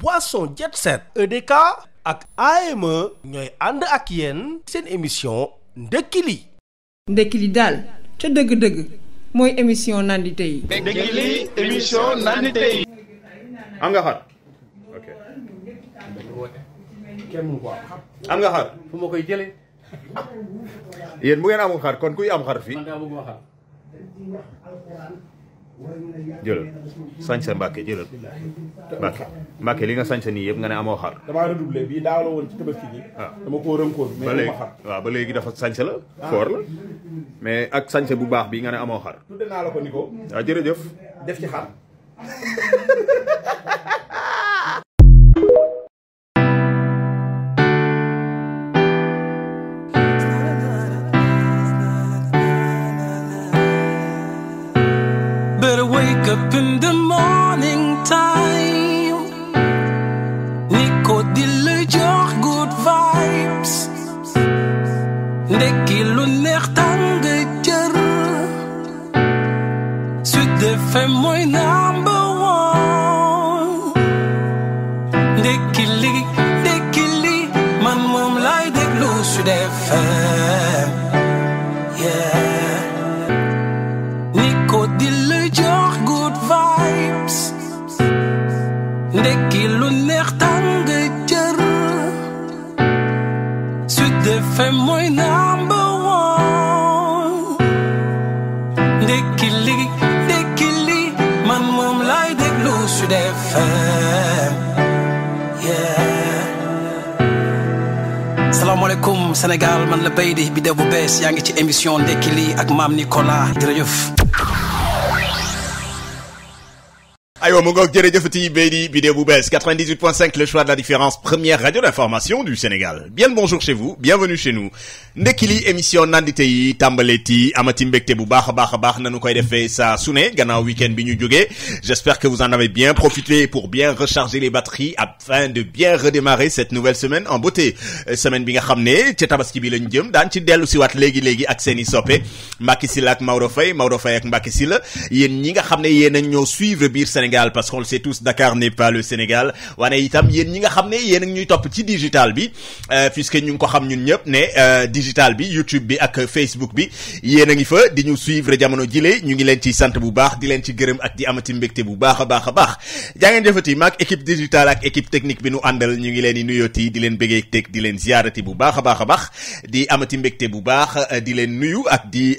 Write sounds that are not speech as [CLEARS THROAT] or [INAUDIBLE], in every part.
Boisson Jet Set e ak AME ñooy ànd ak yéen seen émission ndekki li ndekki li daal ca dëgg-dëgg mooy émission nandite yi am nga xar am nga xar fu ma koy jële yéen bu ngeen amul xar kon kuy am xar fii jëlal sañ sa Mbàkke jëlal Mbàkke Mbàkke li nga sañ sa nii yëpp nga ne amoo xar damaa redoublé bii daaw la woon ci tabaski bi waaw ah. dama koo rënkoon ba léegi waaw ba dafa sañ la ah. foor la mais ak sañ bu baax bi nga ne amoo xar tudde naa la ko ah, jërëjëf def ci xar [LAUGHS] Sénégal man la bay di bi dew bu bees yaa ngi ci émission ndekki lii ak maam Nicolas jërëjëf aywa mu ngoog jërëjëfati bay di bidéo bu bees 98.5 le choix de la première radio d'information du Sénégal bien bonjour chez vous bienvenue chez nous ndekki émission nandite yi tàmbaleeti bu baax a baax a baax nanu koy defee saa su ne gannaaw bi ñu jógee j'espère que vous en avez bien profité pour bien recharger les batteries afin de bien redémarrer cette nouvelle semaine en beauté euh, semaine bi nga xam ne ca tabaski bi lañu jëm daan ci si siwaat léegi léegi ak seen i soppe Mbacké Sylla ak Maodo Faye Maodo Faye ak Mbacké Sylla yéen a ñoo Sénégal parce qu'on le sait tous Dakar n'est pas le Sénégal wane itam yéen ñi nga xam ne yéen a ngi ñuy topp ci digital bi euh, puisque ñu ngi ko xam ñun ñëpp ne euh, digital bi YouTube bi ak Facebook bi yéen a ngi fa di ñu suivre jamono jile ñu ngi leen ci sant bu baax di leen ci gërëm ak di amati mbégte bu baax a baax a baax jaa jëfati maak équipe digitale ak équipe technique bi nu àndal ñu ngi leen di nuyooti di leen bëggee teg di leen ziarati bu baax a baax a ba di bu baax euh, di leen nuyu ak di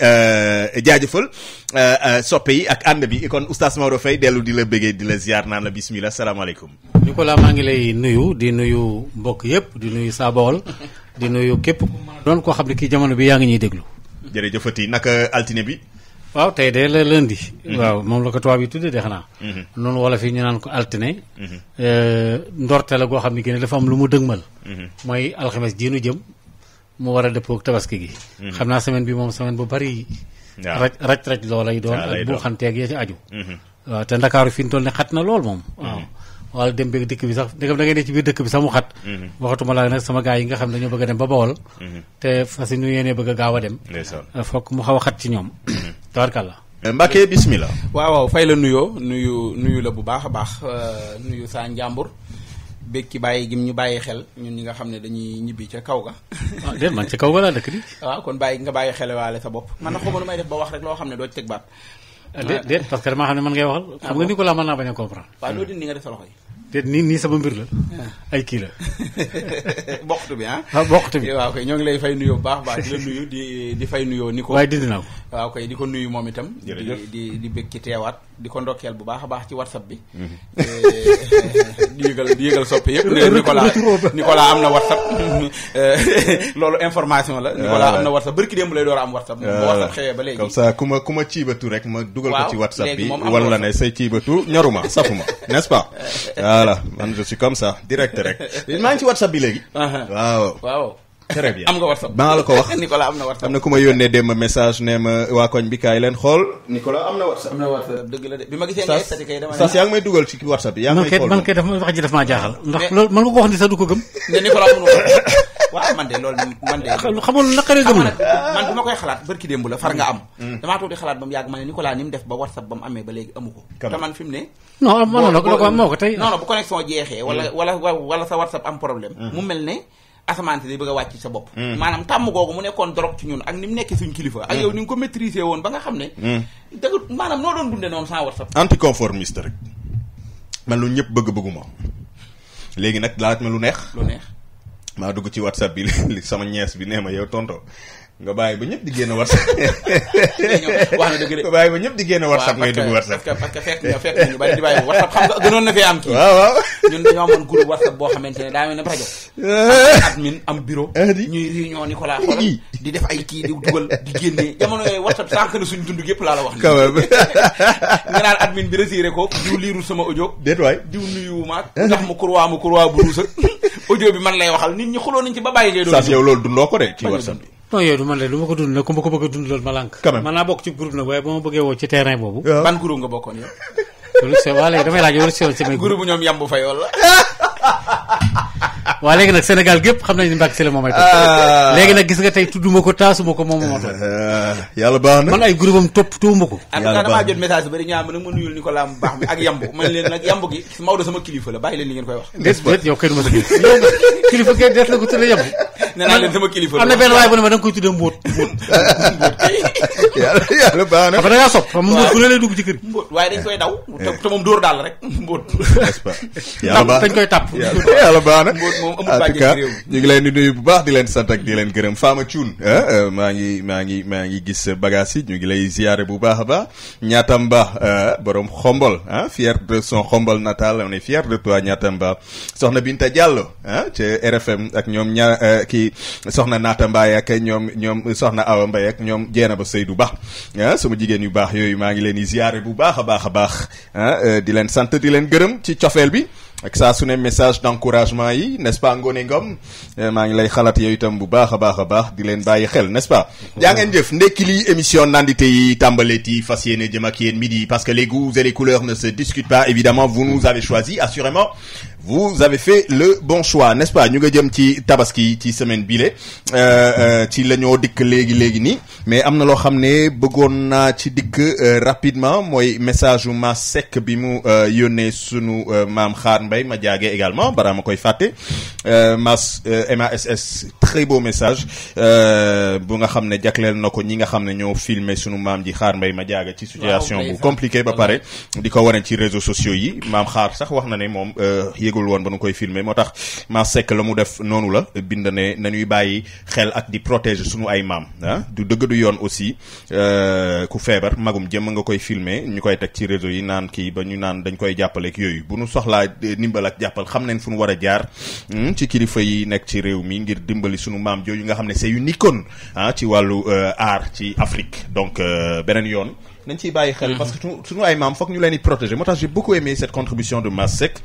jaajëfal soppe yi ak bëggee di la ziar naan la bismillah salaamaaleykum. Nicolas maa ngi lay nuyu di nuyu mbokk yëpp di nuyu saa di nuyu képp ku doon koo xam ne kii jamono bi yaa ngi ñuy déglu. jërëjëfati naka altine bi. waaw tey de la lundi. Mhm. waaw moom la ko tubaab yi tuddee de xanaa. Mhm. noonu wolof yi ñu naan ko altine. Mhm. Eh, ndorte la goo xam ne gën dafa am lu mu dëgmal. mooy alxames ji nu jëm mu war a dëppoo tabaski gi. xam naa semaine bi moom semaine bu bari. raj raj raj loo doon ak buuxanteeg ya ci aju. waaw te ndakaaru fi ñu ne xat na lool moom mm-hmm. waaw dem beeg dëkk bi sax da ci biir dëkk bi sax xat mm-hmm. waxatuma laa nag sama gars yi nga xam ne dañoo bëgg a dem ba bawol mm-hmm. te fas ñu yéenee bëgg a gaaw a dem euh, fokk mu xaw xat ci ñoom [COUGHS] tabarkàlla euh, Mbacke bismillah waaw fay la nuyoo nuyu nuyu la bu baax a baax euh, nuyu saa njàmbur békki bàyyi gi ñu bàyyi xel ñun ñi nga xam ne dañuy ñibbi ca kaw ga [COUGHS] ah déet man ca kaw ga laa dëkk di [COUGHS] waaw kon bàyyi nga bàyyi xel waale sa bopp man na xawma nu may def ba wax rek loo xam ne doo ci teg baat déet déet parce que damaa xam ne man ngay waxal. xam nga Nicolas mën naa bañ a comprendre. waaw loolu dina nga def sa loxo yi. te nii sama mbir la. Ah. ay kii la. [LAUGHS] bokkatu bi ah. ah bi waaw kay ñoo ngi lay fay nuyoo bu baax baax di la [LAUGHS] nuyu di di fay nuyoo ni ko. waaye dindi naa ko. waaw kay di ko nuyu moom itam. jërëjëf di di di bëgg ci teewaat di ko ndokkeel bu baax a baax ci whatsapp bi. Mhm. Eh, [LAUGHS] di yëgal di yëgal soppi yëpp. Nicolas Nicolas am na whatsapp. Eh, loolu information la. Eh. Nicolas am na whatsapp bërki démb lay door a am whatsapp. moom bu whatsapp xewee ba léegi. comme ça ku ma ku ma ciibatu rek ma. dugal ko ci whatsapp bi. wala ne say ciibatu ñoruma safuma voilà man je suis comme ça direct rek. [LAUGHS] maa ngi ci WhatsApp bi léegi. waaw nga la ko wax [LAUGHS] Nicolas am na WhatsApp. am na ku ma yónnee démb message nee ma waa koñ bi kaay Nicolas am na WhatsApp. bi ma gisee ngay statique kay dama. Sass yaa ngi may dugal ci WhatsApp bi. yaa ngi may xool man kay man kay dafa wax jaaxal. ndax man nga ko wax ni sax du ko gëm. [LAUGHS] waaw man de loolu man de. [LAUGHS] xamul naqaree gëm la man bi koy xalaat barki démb la far nga am. Mm. damaa toog di xalaat ba mu yàgg ma ne Nicolas ni mu def ba WhatsApp ba mu amee ba léegi ko. te man fi mu ne. non non non ko moo ko tey. non non bu connexion mm. mm. ne. asamaan si day bëgg sa bopp maanaam tàmm googu mu nekkoon drogue ci ñun ak ni mu nekkee suñ kilifa ko maîtriser woon ba nga xam ne da nga maanaam noo doon dunde noonu sans whatsapp anticonformiste ñëpp bëgg bëgguma léegi nag laaj ma lu neex lu neex maa dugg ci whatsapp bi [LAUGHS] li sama ñees bi nee ma yow tonto nga bàyyi ba ñëpp di génn whatsapp. [LAUGHS] wax na dëgg de. nga bàyyi ba ñëpp di génn whatsapp ngay dugg whatsapp. parce parce que fekk na fekk nañu bari di bàyyi whatsapp nga gënoon na am kii. waaw waaw ñun dañoo amoon groupe whatsapp boo xamante ne daa mel ne rajo. admin am bureau. Eh, ñuy réunion Nicolas xoolal di def ay kii di dugal di génne jamono yooyu whatsapp sànq na suñu dund yëpp laa la wax. quand même [LAUGHS] nga bi ko. diw liirul sama audio. déet waay diw nuyu maag. Eh, ndax mu kurwaa mu kurwaa bu ruus ak [LAUGHS] bi man lay waxal nit ñi xuloo nañ ci ba bàyyi ngay doon. yow loolu dundoo ko de ci whatsapp non yooyu du man de du ma ko dund nag ku ma ko bëgg a dund loolu ma lànk. quand même man naa bokk ci groupe nag waaye ba ma bëggee woo ci terrain boobu. Ah. ban groupe nga bokkoon yow. loolu [LAUGHS] [LAUGHS] nag Sénégal gépp xam nañu ne Mbacke Sylla moom ay topp. Ah. léegi nag gis nga tey tudduma ko taasuma ko moom moo [LAUGHS] topp. yàlla baax na ay groupe am topp tuuma ko. yàlla baax na damaa jot message bari ñu naan nag ma nuyul Nicolas mu baax mi ak yambu man leen nag yambu gi Maodo sama kilifa la bàyyi leen li ngeen koy wax. déet déet yow kenn kilifa yow kilifa kenn dees na ko yambu nee naa leen am na benn waaye bu ne ma da koy tuddee mbóot [LAUGHS] mbóot yàlla yàlla baax na fa da ngaa sopp xam mbóot lay dugg ci kër mbóot waaye dañ koy daw eh. te moom dóor daal rek mbóot tàpp dañ koy tàpp yàlla baax na ñu ngi leen di nuyu bu baax di leen sant ak di leen gërëm Fama Thioune eh, eh, maa ngi maa ngi maa ngi gis bagage yi ñu ngi lay ziyaare bu baax a baax Ñaatamba borom xombol ah fier de son xombol natal on est fier de toi Ñaatamba soxna Binta Diallo ah ca RFM ak ñoom ñaa kii ci soxna Naata Mbaye ak ñoom ñoom soxna Awa Mbaye ak ñoom Dieynaba Seydou Ba ah sama jigéen yu baax yooyu maa ngi leen di ziare bu baax a baax a baax ah, euh, di leen sant di leen gërëm ci cofeel bi ak saa su ne message d'encouragement yi n'est-ce pas Ngone Ngom eh, maa ngi lay xalaat yooyu itam bu baax a baax a baax di leen bàyyi xel n'est-ce pas jaa ngeen jëf ndekki li émission nandite yi tàmbaleeti fas a jëm ak yéen midi parce que les goûts et les couleurs ne vous avez fait le bon choix n'est-ce pas ñu nga jëm ci tabaski ci semaine bile euh, euh, ci la ñoo dikk léegi léegi nii mais am na loo xam ne bëggoon naa ci dikk euh, rapidement mooy message u ma sec bi mu yónnee sunu maam xaar mbay ma jaage également bara ma koy fàtte mas mass très beau message bu nga xam ne jagleel na ko ñi nga xam ne ñoo filmer sunu maam ji xaar mbay ma jaage ci situation bu compliqué ba pare di ko wane ci réseaux sociaux yi maam xaar sax yëgul woon ba nu koy filmer moo tax Mar Seck la mu def noonu la bind ne nañuy bàyyi xel ak di protéger suñu ay maam ah du dëgg du yoon aussi euh, ku feebar magum jëm nga koy filmer ñu koy teg ci réseau yi naan kii ba ñu naan dañ koy jàppaleek yooyu bu nu soxlaa eh, ndimbal ak jàppal xam nañ fu nu war a jaar hmm, ci kilifa yi nekk ci réew mi ngir dimbali suñu maam jooju nga xam ne se une icône ah ci wàllu euh, aar ci Afrique donc euh, beneen yoon nañ ciy bàyyi xel parce que mhm. suñu ay maam foog ñu leen di protéger moo tax j'ai beaucoup aimé cette contribution de Masseck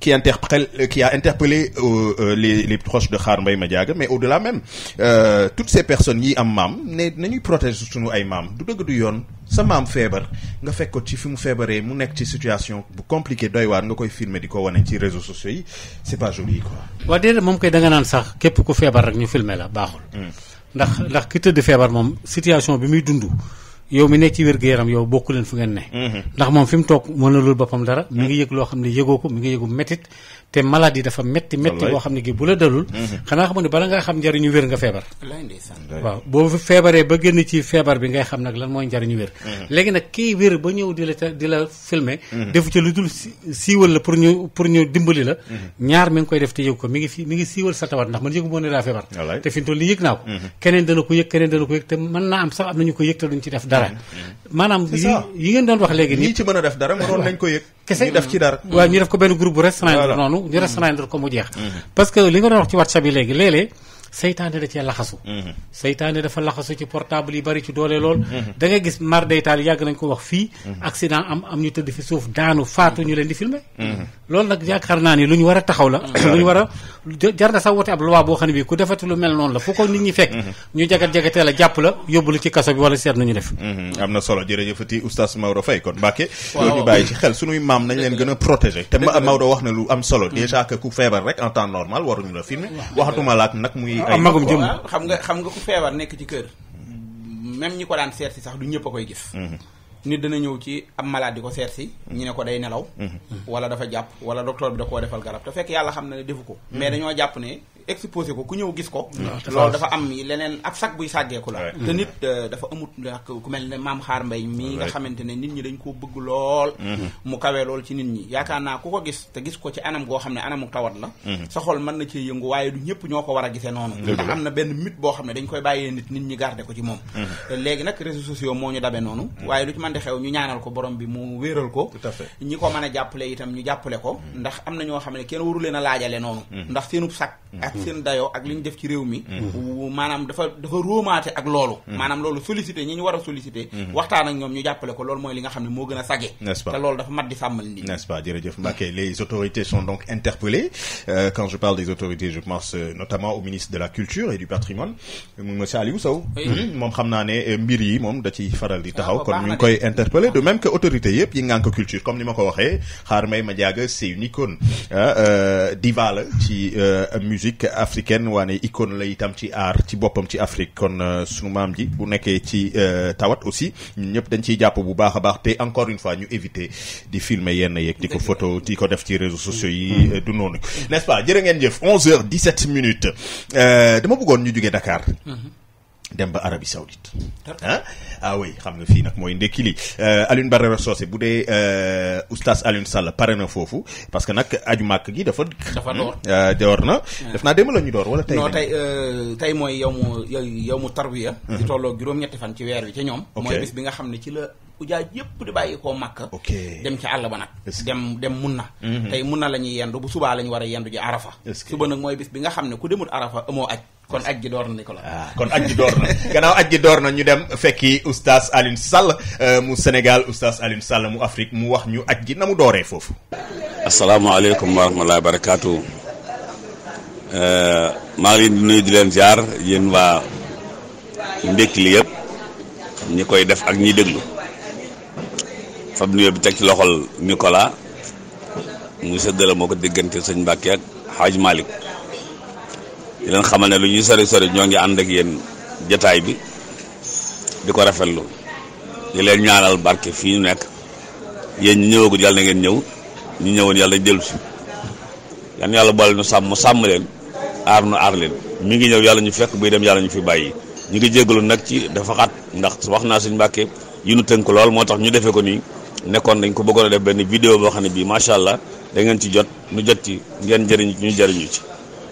qui interpelle euh, euh, les les de Khar Mbaye Madiaga mais au-delà même euh, toutes ces personnes yi am maam ne nañuy protéger suñu ay maam du dëgg du yoon sa maam feebar nga fekk ci fi mu feebaree mu nekk ci situation bu compliquée doy waar nga koy filmer di ko wane ci réseaux sociaux yi c'est pas moom koy da nga naan sax képp ku feebar rek ñu filmer baaxul. Mm. ndax ndax ki tëdd feebar moom situation bi muy dundu yow mi nekk ci wér-gu-yaram yow bokku fu ngeen ne mm-hmm. ndax moom fi mu toog mënalul boppam dara mi ngi yëg loo xam ne yëgoo ko mi ngi yëgu métit te maladie dafa metti metti boo xam ne gi bu la dalul mhm. xanaa xamoon ne bala ngaa xam njariñu wér nga feebar waaw boo feebaree ba génn ci feebar bi ngay xam nag lan mooy njariñu wér mhm. léegi nag kii ba ñëw di di la filmer mhm. defu lu dul siiwal la pour ñu pour ñu dimbali la ñaar mi ngi def te mi ngi fi mi ngi siiwal sa tawat ndax man yëgu moo ne daa feebar keneen dana ko yëg keneen dana ko yëg te mën naa am sax am nañu ko yëg te duñ ci def dara maanaam yi ngeen doon wax léegi nii ci mën a def dara mënoon nañ ko yëg kese ñu def ci dara. Mm-hmm. waaw ñu def ko benn groupe bu restreindre noonu ñu mm-hmm. restreindre ko mu mm-hmm. parce que li nga doon wax ci WhatsApp yi léegi léeg-léeg seytaane da cee laxasu. seytaane dafa laxasu ci portable yi bari ci doole lool. da nga gis mar deytaal yàgg nañ ko wax fii. accident am am ñu tëdd fi suuf daanu faatu ñu leen di filmer loolu nag yaakaar naa ni lu ñu war a taxaw la. [COUGHS] lu ñu war jar na sax wote ab loi boo xam ne bii ku defati lu mel noonu la fu ko nit ñi fekk mhm. ñu jagat-jagatee la jàpp la yóbbu la ci kaso bi wala seet nañu def mhm. am na solo jërëjëfati oustaz Maodo Faye kon Mbacke loolu ñu bàyyi maam nañ leen gën a protéger te Maodo wax na lu am solo mhm. déjà que ku feebar rek en temps normal waruñu la filmer waxatuma laak nag muy ah, ay magum jëm xam nga xam nga ku feebar nekk ci kër même ñi ko daan seet si sax du ñëpp a koy gis nit dana ñëw ci am malade ko seet si ñu ne ko day nelaw mhm. wala dafa jàpp wala docteur bi da koo defal garab te fekk yàlla xam na ne defu ko mhm. mais dañoo jàpp ne exposé ko ku ñëw gis ko mm. ah, lool dafa am leneen ab sac buy sàggeeku la te nit euh, dafa amut ak ku mel ne maam xaar mbay mii nga xamante ne nit ñi dañ koo bëgg lool mm-hmm. mu kawee lool ci nit ñi yaakaar naa ku ko gis te gis ko ci anam goo xam ne anamu tawat la mm-hmm. sa xol na cee yëngu waaye du ñëpp ñoo ko war a gisee noonu ndax am na benn mit boo xam ne dañ koy bàyyee nit nit ñi garder ko ci moom mm-hmm. léegi nag réseaux sociaux moo ñu dabe noonu waaye lu ci man di xew ñu ñaanal ko borom bi mu wéeral ko ñi ko mën a jàppale itam ñu jàppale ko ndax am na ñoo xam ne kenn waru leen a laajale noonu ndax seenub sac ak seen dayoo ak li ñu def ci réew mi mm-hmm. maanaam dafa dafa róomaate ak loolu mm-hmm. maanaam loolu sollicité ñi ñu war a sollicité mm-hmm. waxtaan ak ñoom ñu jàppale ko loolu mooy li nga xam ne moo gën a sage te loolu dafa mat di sàmmal nit n'est-ce pas jërëjëf Mbacké les autorités sont donc interpellées euh, quand je euh, de la culture et du patrimoine moom xam naa ne euh, mbir yi moom da ciy faral di taxaw ah, kon ñu ngi koy interpeller de ah. même que autorité yëpp yi ngànk culture comme ko waxee xaar may africaine waane icône la itam ci aar ci boppam ci Afrique kon euh, sunu maam ji bu nekkee ci euh, tawat aussi ñun ñëpp dañ ciy jàpp bu baax a baax te encore une fois ñu éviter di filmer yenn yeeg di ko photo di ko def ci réseaux sociaux yi mm-hmm. euh, du noonu n'est-ce pas jërë ngeen jëf 11h17 minutes dama bëggoon ñu jugee dakaar mm-hmm. dem ba Arabie Saoudite ah ah oui xam nga fii nag mooy ndekki li euh, Alioune Barara Socé bu dee euh, oustaz Alioune Sall pare na foofu parce que nag aju màkk gi dafa. dafa hmm? door euh, door na. Hmm. def naa démb la ñu door wala tey. non tey tey mooy yow mu yow mu tarwiya. Hmm. di tolloo juróom-ñetti fan ci weer wi ci ñoom. mooy bis bi nga xam ne ci la. ku jaaj yëpp di bàyyi koo màkk dem ci àll ba nag dem mun na mhm. tey mun na la ñuy yendu bu subaa la ñu war yendu ji arafa suba nag mooy bis bi nga xam ne ku demul arafa amoo aj kon aj gi door na Nicolas ah, kon aj gi door na [LAUGHS] gannaaw aj gi door na ñu dem fekki oustaz Alioune Sall euh, mu senegal oustaz Alioune Sall mu Afrique mu wax ñu aj gi na mu dooree foofu asalaamaaleykum wa rahmatullahi wa barakatuh maa ngi leen di nuyu di leen ziar yéen waa Ndékli yëpp ñi koy def ak ñi déglu fab nuyoo bi teg ci loxol Nicolas mu séddale moo ko diggante sëñ Mbàkke ak Xaaj malik di leen xamal ne lu ñuy sori sori ñoo ngi ànd ak yéen jataay bi di ko rafetlu di leen ñaanal barke fii ñu nekk yéen ñu ñëwagul yàlla ngeen ñëw ñu ñëwoon yàlla dellu si yan yàlla boole nu sàmm sàmm leen aar nu aar leen mu ngi ñëw yàlla ñu fekk buy dem yàlla ñu fi bàyyi ñu ngi jégalu nag ci dafa xat ndax wax naa suñu mbàkke yi nu tënk lool moo tax ñu defee ko nii nekkoon dañ ko bëggoon def benn vidéo boo xam ne bii macha allah da ngeen ci jot nu jot ci ngeen jëriñ ñu jariñu ci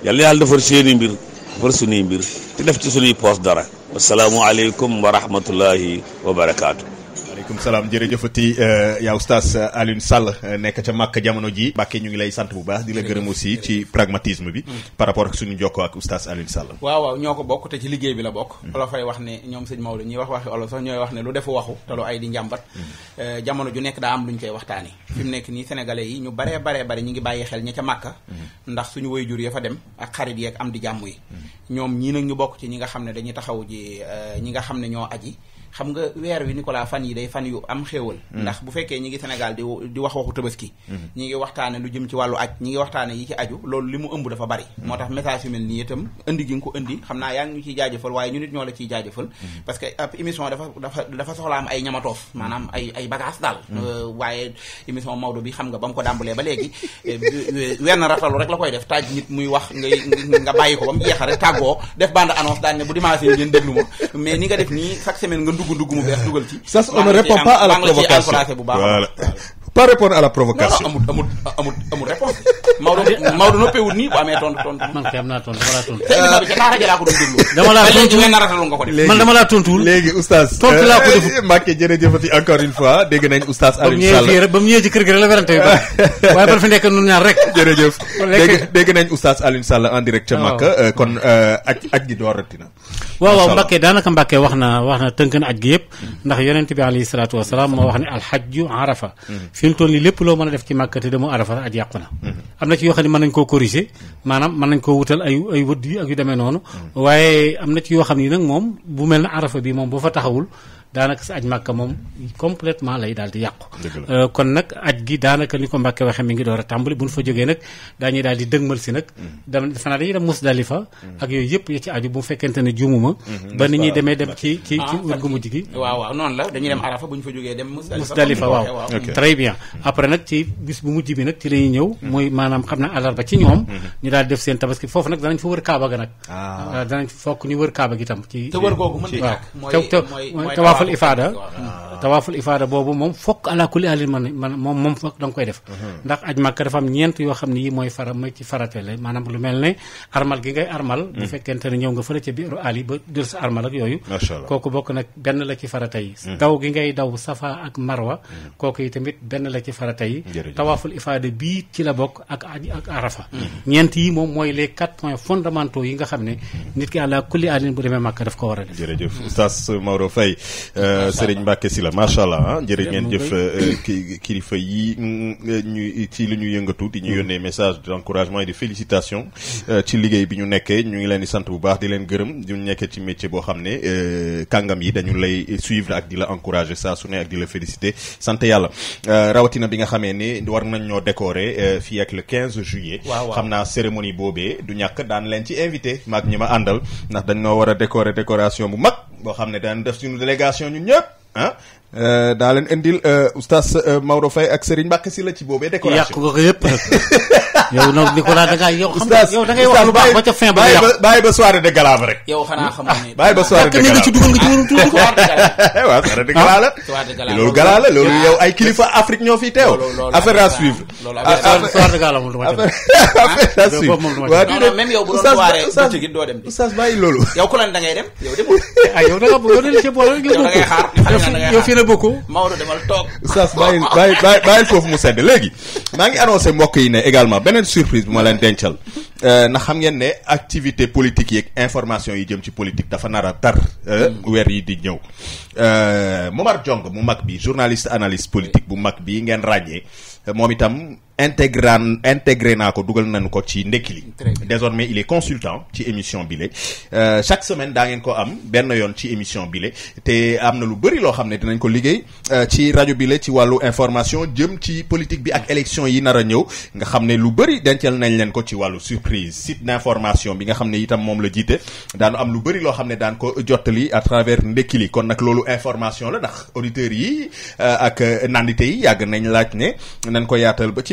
yàlla yàlla defar seeni mbir defar suñuy mbir te def ci suñuy poos dara wasalaamualeykum wa rahmatullahi wa barakaatu. waaleykum salaam jërëjëfati euh, yaa oustaz Alioune Sall euh, nekk ca màkk jamono ji Mbacke ñu ngi lay sant bu baax di la gërëm aussi ci pragmatisme bi mm. par rapport ak suñu jokkoo ak oustaz Alioune Sall waaw waaw ñoo ko bokk te ci liggéey bi la bokk mm. olof ay wax ne ñoom sëñ Maodo ñuy wax waxi olof sax ñooy wax ne lu defu waxu te lu ay di njàmbat mm. euh, jamono ju nekk daa am lu ñu koy waxtaani fi mu nekk nii sénégalais yi ñu bare baree bari ñu ngi bàyyi xel ña ca màkka ndax suñu jur ya fa dem ak xarit yeeg am di jàmm yi ñoom ñii nag ñu bokk ci ñi nga xam ne dañuy taxaw ji ñi nga xam ne ñoo aji xam nga weer wi Nicolas fan yi day fan yu am xéewal mm. ndax bu fekkee ñi ngi Sénégal di di wax waxu tabaski mm-hmm. ñi ngi waxtaane lu jëm ci wàllu aj ñi ngi waxtaane yi ci aju loolu li mu ëmb dafa bari mm-hmm. moo tax message yu mel nii itam indi xam naa yaa ngi ñu ciy jaajëfal waaye nit ñoo la ciy jaajëfal mm-hmm. parce que ab émission dafa dafa dafa soxla am ay ñamatoof maanaam ay ay daal euh, waaye émission Maodo bi xam nga ba mu ko dàmbalee ba léegi [LAUGHS] wenn ratalu rek la koy def tàj muy wax ngay nga bàyyi ko ba mu jeexal rek tàggoo def bande annonce daan ne bu dimanche ma mais ni nga def nii chaque semaine nga dugg dugg mu bees dugal ci. sas on ne répond pas la pas répondre a la provocation. amul amul amul amul réponse Maodo Maodo noppeewul nii bu amee tontu tontu. man kay am naa tontu dama laa tontu. dama laa tontu léegi man dama laa tontu léegi oustaz. tontu laa ko euh, def Mbacke jërëjëfati encore une dégg nañ oustaz Alioune ba mu ñëwee ci kër [LAUGHS] fi nekk nun ñaar rek. jërëjëf dégg dégg nañ oustaz Alioune Sall en direct ca euh, kon aj euh, aj gi doorati na. waaw waaw Mbacke daanaka Mbacke wax na wax na tënk na aj gi yëpp ndax yonent bi alayhi salaatu wasalaam moo wax ne alxajju arafa hmm. fi mu toll nii lépp loo mën a def ci màkk te demoo arafa aj yàqu na mm-hmm. am na ci yoo xam ne mën nañ koo corriger maanaam mën nañ koo wutal ay wëdd yi ak yu demee noonu mm-hmm. waaye am na ci yoo xam ne nag moom bu mel na arafa bii moom boo fa taxawul daanaka sa aj màkka moom complètement lay daal di yàqu euh, kon nag aj gi daanaka ni ko Mbàkke waxee mi ngi door a tàmbali bu ñu fa jógee nag daañuy daal di dëgmal si nag mm. dam fanaa dañuy dem Musdalifa mm. ak yooyu yëpp ya ci bu fekkente ne juumuma mm-hmm. ba ni demee dem ci ci ci ah, wër gu gi waaw waaw noonu la dañuy dem Arafa bu ñu fa jógee dem Musdalifa waaw très bien après nag ci bis bu mujj bi nag ci la ñuy ñëw mm. mooy maanaam xam na alarba ci ñoom mm-hmm. ñu daal def seen tabaski foofu nag danañ fa wër kaaba ga nag ah. euh, danañ fokk ñu wër kaaba gi tam ci te wër googu mën di ñàkk tawaaful ifaada tawaaful ifaada boobu moom fokk ala kulli alin man man moom moom mhm. yoo xam ne mooy fara mooy ci farate la maanaam lu mel gi ngay armal bu mhm. ne ñëw nga fële ca biiru ba jël sa armal ak yooyu kooku bokk nag benn la ci farate yi mhm. daw gi ngay daw safa ak marwa kooku benn la ci farate yi tawaaful ifaada bii ci la bokk ak aj ak arafa ñeent yi moom mooy les quatre points fondamentaux yi nga xam ne nit ki àla kulli alin bu demee màkka daf ko war a def Euh, Serigne si la macha allah ah, jërë ngeen jëf euh, kilifa yi mm, mm, ñu ci li ñu yëngatu di ñu mm. yónnee message d'encouragement et de félicitation euh, ci liggéey bi ñu nekkee ñu ngi leen di sant bu baax di leen gërëm ñu nekkee ci métier boo xam ne kàngam yi dañu lay suivre ak di la encourager saa su ne ak di la féliciter sant yàlla rawatina bi nga xamee ne war nañ ñoo décorer fii ak le 15 juillet. xam naa cérémonie boobee du ñàkk daan leen ci invité maak ñi ma àndal ndax dañ noo war a décorer décoration bu mag génération ñun ñëpp ah. Euh, daa leen indil euh, oustaz euh, Maodo Faye ak seriñ Mbacké si la ci boobee. décoration yàq ko yëpp. [LAUGHS] yow nag Nicolas da ngaa yow. xam nga yow da ngay wax lu baax ba ca fin ba yàqu bàyyi ba soirée de gala ba rek. yow xanaa xamoon ne ah, bàyyi ba soirée de gala nga ci dugal nga ci waroon tuuti ko. waaw soirée de gala la. Ah, soirée de loolu gala loolu ah. yow ay kilifa Afrique ñoo fiy teew. affaire à affaire de gala moom loolu. [LAUGHS] yow ku lan bokkoo yow fii la bokkoo. Maodo foofu mu sedd léegi maa ngi annoncé mbokk yi ne également beneen surprise bu ma leen dencal euh, na xam ngeen ne activité politique yeeg information yi jëm ci politique dafa nar a tar euh, weer yi di ñëw euh, Momar Jong mu mag bi journaliste analyste politique bu mag bi ngeen ràññee moom itam intégré intégré naa ko dugal nañu ko ci ndekki li désormais il est consultant ci émission bile euh, chaque semaine daa ngeen ko am benn yoon ci émission bile te am na lu bari loo xam ne dinañ ko liggéey euh, ci rajo bile ci wàllu information jëm ci politique bi ak élection yi nar a ñëw nga xam ne lu bëri dencal nañ leen ko ci wàllu surprise site d'information bi nga xam ne itam moom la jiite daanu am lu bëri loo xam ne daan ko jottali à travers ndekki li kon nag loolu information la ndax auditeurs yi euh, ak nandite yàgg nañ laaj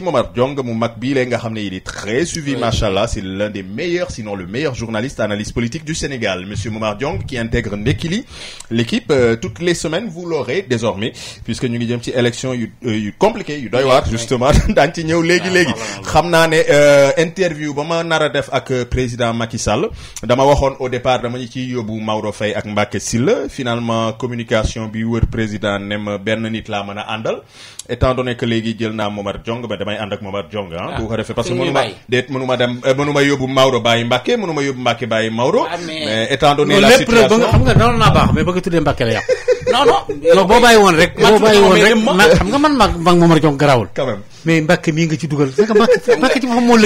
Momar Diong mu mag bii lee nga xam ne il est très suivi machallah c'est l'un des meilleurs sinon le meilleur journaliste analyste politique du Sénégal monsieur Momar Diong qui intègre Ndekili l'équipe euh, toutes les semaines vous l'aurez désormais puisque ñu ngi jëm ci élection yu euh, yu compliqué yu doy waar justement [LAUGHS] daan ci ñëw léegi léegi xam naa ne euh, interview ba ma nar a def ak président Macky Sall dama waxoon au départ dama ñu ciy yóbbu Maodo Faye ak Mbacké Sylla finalement communication bi wër président nem benn nit laa mën a àndal étant donné que léegi jël naa Momar Jong ba damay ànd ak Momar Jong ah bu ko defee parce que mënuma déet mënuma dem euh, mënuma yóbbu Maodo bàyyi Mbacke mënuma yóbbu Mbacke bàyyi Maodo woon ah, rek [LAUGHS] boo bàyyi woon man mag mag Momar Jong garawul quand même mais Mbacke mii nga ci dugal nga Mbacke Mbacke ci ma ne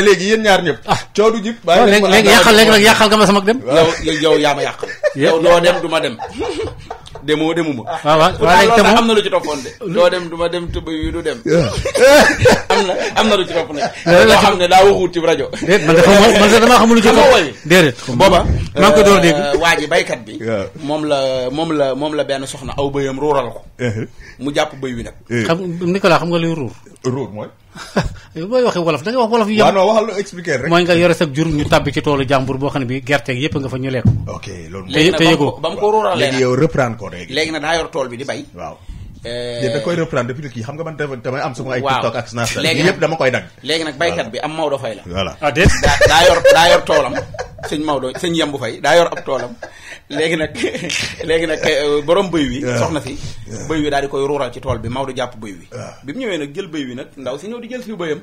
léegi yéen ñaar ñëpp ah coow du jib léegi yàqal léegi nag yàqal nga ma sama dem yow yow yaa ma doo dem du dem [LAUGHS] demoo demuma. Ah. waaw waaw léegi tam am na lu ci toppoon de. loo hmm. dem du ma dem tëb yu du dem. [LAUGHS] am na am na lu ci topp nag. [LAUGHS] loo xam ne daa waxut ci rajo. déedéet [LAUGHS] man de xam man de damaa xamul lu ci topp déedéet. Hmm. booba maa ngi door dégg. Euh, waa ji baykat bi. moom la moom la moom la benn soxna aw bëyam ruural ko. Uh-huh. mu jàpp bëy wi nag. xam Nicolas xam nga luy ruur. ruur mooy. [LAUGHS] booy waxee wolof da nga wax wolof yu yem. waaw non waxal expliquer rek. mooy nga yore sag jur ñu tàbbi ci toolu jàmbur boo xam ne bi gerteeg yëpp nga fa ñu lekk. ok loolu léegi nag ba mu ko ruuralee léegi léegi. léegi nag daa yor tool bi di bay. waaw léegi eh, da koy xam nga man damay am sama ay TikTok ak Snapchat yëpp dama koy dagg. léegi nag baykat bi am Maodo Faye la. voilà ah déet daa yor daa yor toolam sëñ Maodo sëñ Yembu Faye daa yor ab toolam léegi nag [LAUGHS] léegi nag euh, borom bëy wi soxna si bëy wi daal di koy ruural ci tool bi Maodo jàpp bëy wi bi mu ñëwee nag jël bëy wi nag ndaw si ñëw di jël si bëyam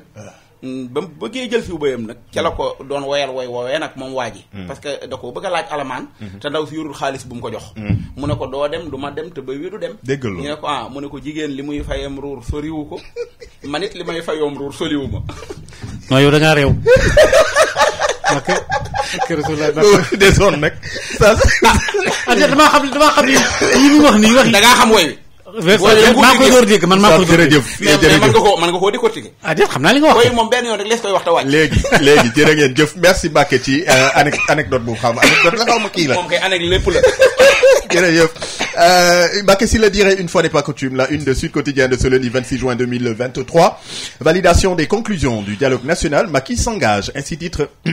mm, ba mu bëggee jël siw bayam nag ca la mm. ko doon woyal woy woowee nag moom waa ji mm. parce que da ko bëgg laaj alamaan mm-hmm. te ndaw si yorul xaalis bu mu ko jox mu ne ko doo dem du ma dem te bay wi du dem dégg ñu ne ah, mu ne ko jigéen li muy fayam ruur soriwu ko man it li may fayoom ruur soriwu ma non [LAUGHS] kër Sula dafa [LAUGHS] desoon nag. saa sa damaa xam damaa xam yi mu wax nii wax da ngaa xam wooy. maa ko door dégg man maa ko door jërëjëf jërëjëf man nga koo man nga koo décortiquer ah déet xam naa li nga wax koy moom benn yoon rek lees koy wax te wàcc léegi léegi jërë ngeen jëf merci Mbacke ci euh, anek anecdote bu xaw ma anecdote la xaw ma kii la moom kay anek lépp la jërëjëf euh, Mbacke si la dirait une fois n'est pas coutume la une de Sud Quotidien de ce lundi 26 juin 2023 validation des conclusions du dialogue national Macky s'engage ainsi titre [CLEARS THROAT]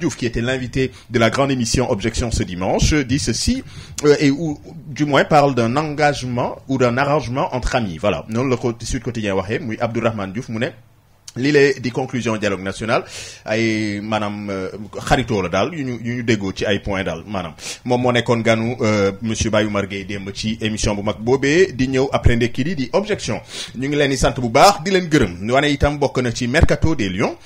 Diouf, qui était l'invité de la grande émission Objection ce dimanche, dit ceci, euh, et ou du moins parle d'un engagement ou d'un arrangement entre amis. Voilà noonu la ko Sud Quotidien waxee muy Abdourahmane Diouf mu ne. lii lay di conclusion dialogue national ay maanaam euh, xaritoo la daal yu ñu yu ñu déggoo ci ay point daal maanaam moom moo nekkoon ganu euh, monsieur Baye Oumar Gueye démb ci émission bu mag boobee di ñëw après ndekki li di objection ñu ngi leen di sant bu baax di leen gërëm wane itam na ci mercato des Lions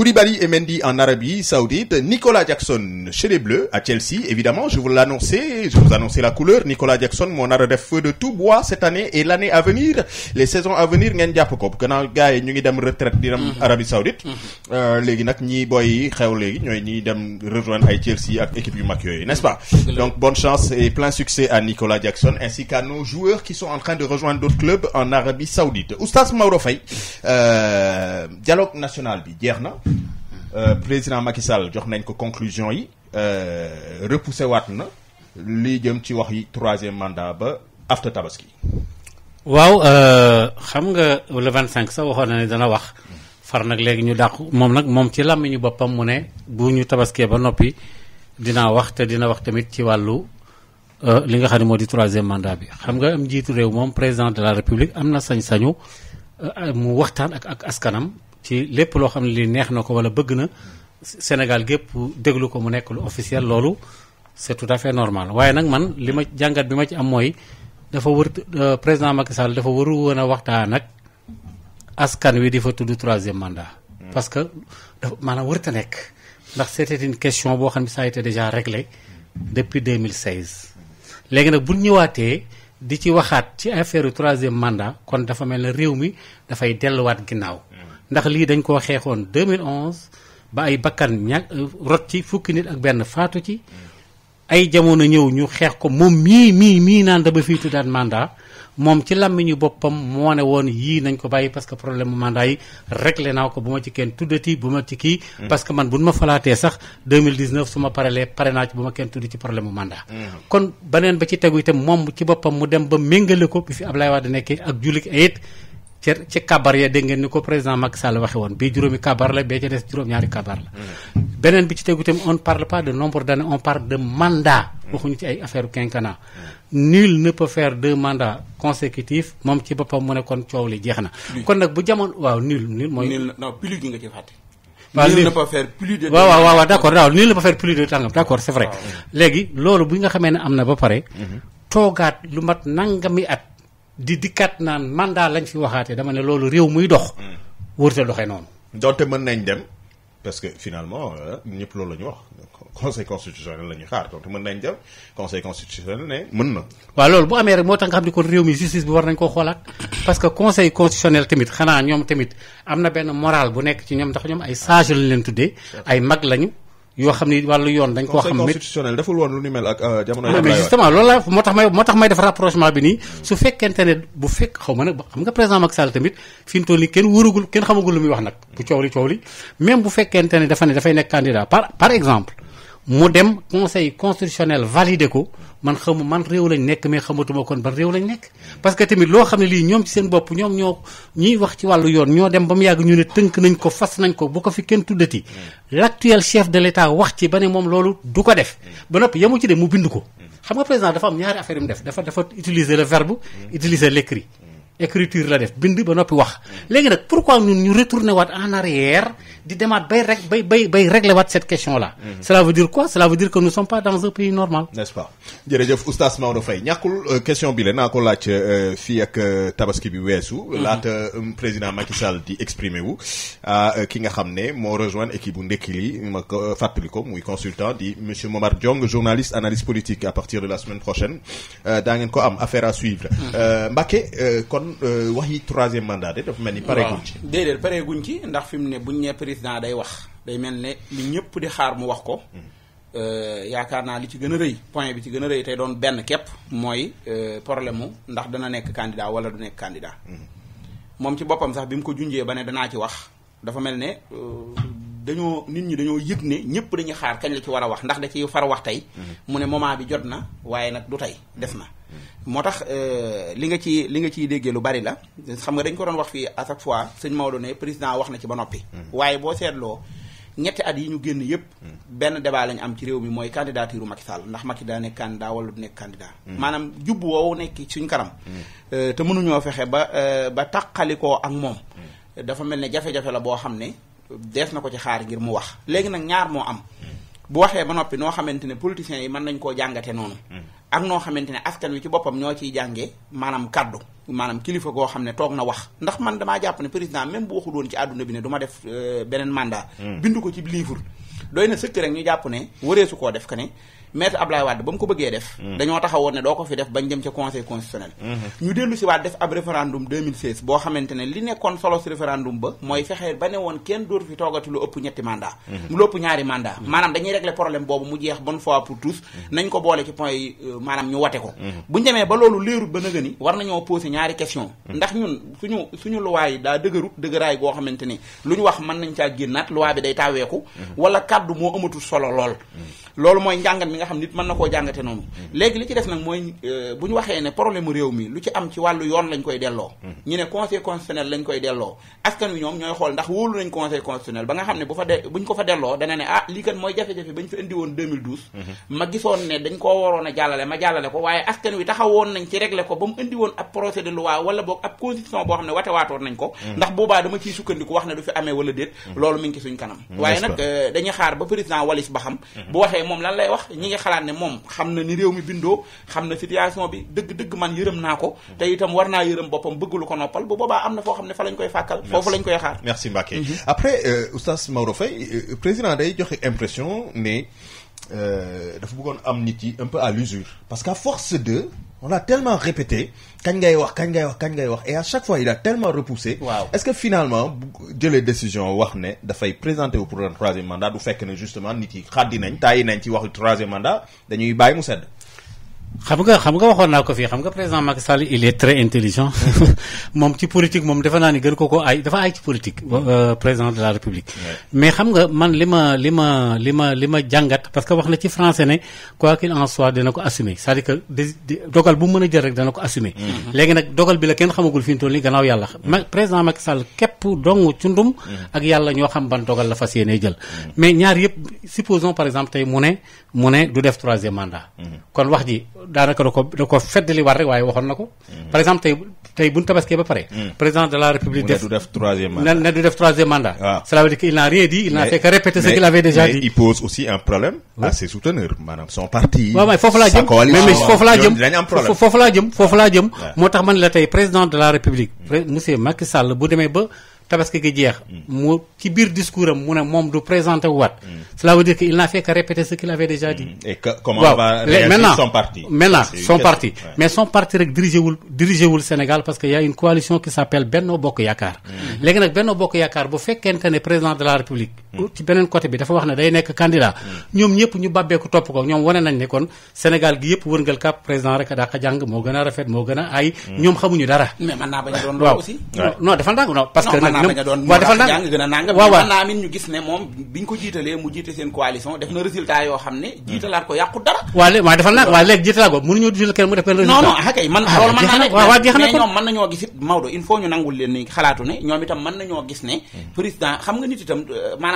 Koulibaly et Mendy en Arabie Saoudite, Nicolas Jackson chez les Bleus à Chelsea. Évidemment, je vous l'annonçais, je vous annonçais la couleur. Nicolas Jackson moo nar a def feu de tout bois cette année et l'année à venir, les saisons à venir ngeen jàpp ko gannaaw gars yi ñu ngi dem retraite di dem mhm. Arabie Saoudite. Mhm. Euh, léegi nag ñii boy xew léegi ñooy ñiy dem rejoindre ay Chelsea ak équipe yu mag yooyu n'est-ce pas. donc bonne chance et plein succès à Nicolas Jackson ainsi qu'à nos joueurs qui sont en train de euh, national bi jeex na. Euh, président Macky Sall jox nañ ko conclusion yi euh, repoussé waat na lii jëm ci wax yi troisième mandat ba after tabaski waaw euh, xam nga walla vingt cinq sax waxoon na ne dana wax far nag léegi ñu dàqu moom nag moom ci làmmiñu boppam mu ne bu ñu tabaskee ba noppi dinaa wax te dina wax tamit ci wàllu li nga xam ne moo di troisième mandat bi xam nga am njiitu réew moom président de la république am na sañ-sañu mu waxtaan ak ak askanam ci lépp loo xam ne li neex na ko wala bëgg na Sénégal gépp déglu ko mu nekk lu officiel loolu c'est tout à fait normal waaye nag man li ma jàngat bi ma ci am mooy dafa wër euh, président Macky Sall dafa waru woon a waxtaan ak askan wi di fa tudd troisième mandat. Hmm. parce que dafa maanaam wër ta nekk ndax c'était une question boo xam ne ça a été déjà réglé depuis 2016. léegi nag bu ñëwaatee di ci waxaat ci affaire troisième mandat kon dafa mel ne réew mi dafay delluwaat ginnaaw. ndax lii dañ koo xeexoon 2011 ba ay bakkan ñàkk rot ci fukki nit ak benn faatu ci ay jamono ñëw ñu xeex ko moom mii mii mii naan dama fii tuddaat mandat moom ci làmmiñu boppam moo ne woon yii nañ ko bàyyi parce que problème mu mandat yi réglé naa ko bu ma ci kenn tuddati bu ma ci kii. Mm. parce que man bu ma falaatee sax 2019 su ma parelee pare naa ci bu ma kenn tudd ci problème mu mandat. Mm. kon beneen ba ci tegu itam moom ci boppam mu dem ba méngale ko bi fi Ablaye Wade nekkee ak jullit ayit ci ci kabar ya dégg ngeen ni ko président Macky Sall waxe woon bii juróomi kabar la bee ci des juróom-ñaari kabar la hmm. beneen bi ci tegu tamit de nombre d'années on parle hmm. moom ci boppam mu ne kon coow li jeex na kon nag bu jamono waaw nul nul mooy non plus gi nga ci fàtte waaw nul ne peut faire plus de waaw waaw waaw d'accord waaw nul ne peut faire plus de tàngam d'accord c'est vrai léegi loolu bi nga xamee ne am na ba pare hmm. toogaat lu mat nangami at di dikkaat naan mandat lañ fi waxaatee dama ne loolu réew muy dox. Hmm. wërta doxee noonu. donte mën nañ dem parce que finalement euh, ñëpp loolu la ñu wax conseil constitutionnel la xaar donc mën nañ dem conseil constitutionnel ne mën na. waa loolu bu amee rek moo tax nga xam ni kon réew mi justice bi war nañ koo xoolaat parce que conseil constitutionnel tamit xanaa ñoom tamit am na benn moral bu nekk ci ñoom ndax ñoom ay sage la leen tuddee. ay mag lañu. yoo xam ni wàllu yoon dañ koo xam ne constitutionnel deful woon lu ni mel ak euh, jamono ah, loolu la moo tax may moo tax may def rapprochement bi nii su fekkente ne bu fekk xaw ma nag xam nga président Macky Sall tamit fi mu toll nii kenn wëragul kenn xamagul lu muy wax nag bu coow li coow li même bu fekkente ne dafa ne dafay nekk candidat par par exemple mu dem conseil constitutionnel validé ko man xamu man réew lañ nekk mais xamatuma kon ban réew lañ nekk parce que tamit loo xam ne lii ñoom ci seen bopp ñoom ñoo ñuy wax ci wàllu yoon ñoo dem ba mu yàgg ñu ne tënk nañ ko fas nañ ko bu ko fi kenn tuddati hmm. l'actuel chef de l'État wax ci ba ne moom loolu du ko def hmm. ba noppi yemu ci dem mu bind ko hmm. xam nga président dafa am ñaari affaire mu def dafa dafa utiliser le verbe utiliser l'écrit écriture la def bind ba noppi wax léegi nag pourquoi ñun ñu retourner waat en arrière di demaat bay rek bay bay bay régler waat cette question là. Mhm. cela veut dire quoi cela veut dire que nous sommes pas dans un pays normal. n'est-ce pas jërëjëf oustaz Maodo Faye ñàkkul euh, question bi la naa ko laaj euh, fi ak euh, tabaski bi weesu. Mhm. laata um, président Macky Sall di exprimer wu. ki nga xam ne moo rejoindre équipe bu ndekki li ma ko fàttali ko muy consultant di monsieur Momar Diong journaliste analyste politique à partir de la semaine prochaine daa ngeen ko am affaire à suivre. Mhm. kon wax yi troisième mandat de mel ni. président day wax day mel ne li ñëpp di xaar mu wax ko. Euh, yaakaar naa li ci gën a rëy point bi ci gën a rëy tey doon benn képp mooy euh, problème mu ndax dana nekk candidat wala du nekk candidat. Mm-hmm. moom ci boppam sax bi mu ko junjee ba ne danaa ci wax dafa mel ne euh, dañoo nit ñi dañoo yëg ne ñëpp dañu xaar kañ la ci war a wax ndax da ciy far wax tey. Mm-hmm. mu ne moment bi jot na waaye nag du tey def na. Mm-hmm. moo tax euh, li nga ci li nga ciy déggee lu bari la xam nga dañ ko doon wax fii à chaque fois sëñ Maodo ne président wax na ci ba noppi. Mm-hmm. waaye boo seetloo ñetti at yi ñu génn yëpp. benn débat lañ am ci réew mi mooy candidature Macky ndax Macky daa nekk candidat du nekk candidat. maanaam jubbu woowu nekk suñ kanam. Euh, te mënuñoo fexe ba euh, ba taqali koo ak moom. mel ne jafe la boo xam ne. dees na ko ci xaar ngir mu wax léegi nag ñaar moo am bu waxee ba noppi noo xamante ne politiciens yi man nañ koo jàngate noonu hmm. ak noo xamante ne askan wi ci boppam ñoo ciy jàngee maanaam kaddu maanaam kilifa goo xam ne toog na wax ndax man damaa jàpp ne président même bu waxu doon ci àdduna bi ne du ma def euh, beneen mandat hmm. bindu ko ci livre doy na sëkk rek ñu jàpp ne wareesu koo def que ne maître Ablaye Wade ba mu ko bëggee def mm. dañoo taxawoon ne doo ko fi def bañ dem ca conseil constitutionnel mm-hmm. ñu dellu si waat def ab référendum 2016 boo xamante ne li nekkoon solo si référendum ba mooy fexe ba ne woon kenn dootu fi toogati lu ëpp ñetti mandat mm-hmm. lu ëpp ñaari mandat mm-hmm. maanaam dañuy régler problème boobu mu jeex bonne fois pour tous nañ ko boole ci point yi euh, maanaam ñu wate ko buñu demee ba loolu léerut ba nëga war nañoo posé ñaari question ndax ñun suñu suñu luwaay daa dëgërut dëgëraay goo xamante ni lu ñu wax mën nañ caa génnaat luwaa bi day taaweeku wala kàddu moo amatul solo lool loolu mooy njàngat mi nga xam nit mën na koo jàngate noonu hmm. léegi li ci des nag mooy euh, bu ñu waxee ne problème réew mi lu ci am ci wàllu yoon lañ koy delloo hmm. ñu ne conseil constitutionnel lañ koy delloo askan wi ñoom ñooy xool ndax woo wóolu nañ conseil constitutionnel ba nga xam ne bu fa de bu ñu ko fa delloo dana ne ah lii kat mooy jafe-jafe ba ñu fi indi woon 2012 hmm. ma gisoon ne dañ koo waroon a jàllale ma jàllale ko waaye askan wi taxawoon nañ ci régler ko ba mu indi woon ab projet de loi wala boog ab constitution boo xam ne wate waatoon nañ ko wax ne du fi amee wala déet kanam waaye nag euh, dañuy xaar ba président walis ba xam bu waxee moom lan lay wax ñi ngi xalaat ne moom xam na ni réew mi bindoo xam na situation bi dëgg-dëgg man yërëm naa ko hmm. te itam war naa yërëm boppam bëgg lu ko noppal bu boobaa am na foo xam ne fa lañ koy fàkkal foofu lañ koy xaar merci Mbacké mhm. après euh, oustaz Maodo Faye euh, président day joxe impression ne euh, dafa buggoon am nit yi un peu à l'usure parce qu'à force de on l'a tellement répété kañ ngay wax kañ ngay wax kañ ngay wax e à chaque fois il a tellement repoussé. waaw est-ce que finalement jëlee décision wax ne dafay présenter au programme troisième mandat du fekk ne justement nit yi xàddi nañ tàyyi nañ ci waxu troisième mandat dañuy bàyyi mu sedd. xam nga xam nga waxoon naa ko fii xam nga président Macky Sall il est très intelligent [LAUGHS] moom ci politique moom defe naa ni gën ko ko ay dafa ay ci politique euh, président de la république mais xam nga man li ma li ma li ma li ma jàngat parce que wax na ci français ne quoi qu'il en soit dina ko assumer c'est-à-dire que dogal bu mën a jël rek dana ko assumer mm-hmm. léegi nag dogal bi la kenn xamagul fi ñu toll nii gannaaw yàlla mm-hmm. président Macky Sall képp dong cundum mm-hmm. ak yàlla ñoo xam ban dogal la fas yéenee jël mais ñaar yëpp supposons par exemple tey mu ne mu ne du def troisième daanaka da ko da ko feddali war rek waaye waxoon na ko. Mm. par exemple tey tey bu ñu tabaskee ba pare. Mm. président de la république def ne ne du def troisième mandat. Ah. cela veut que il n'a rien il n'a fait que ce qu'il avait déjà dit. il pose aussi un problème. à ses souteneurs son parti. waaw laa jëm mais laa jëm moo tax man la tey président de la république. monsieur Macky Sall bu demee ba. tabaski gi jeex. Hmm. mu ci biir discours mu ne moom du présenté waat. Hmm. cela veut dire que il n'a fait que répéter ce qu'il avait déjà dit. Hmm. et que comment waaw. son parti mais son parti rek dirigé wul Sénégal parce que y a une coalition qui s'appelle Benno Bokk Yaakaar. léegi nag Benno Bokk Yaakaar bu fekkente ne président de la République. ci beneen côté bi dafa wax ne day nekk candidat ñoom ñëpp ñu bàbbeeku topp ko ñoom wane nañ ne kon Sénégal gi yëpp wërngal kàpp président rek daa jàng moo gën a rafet moo gën a amin ñu gis ne moom biñ ko jiitalee mu jiite seen coalition def na résultat yoo xam ne jiitalaat ko yàqu dara waaw léegi waaw defal ndànk waaw léegi jiitalaat ko mënuñu jiital kenn mu def benn résultat non non ah, man ah, naa nekk waaw na mais gis it Maodo il faut ñu nangul leen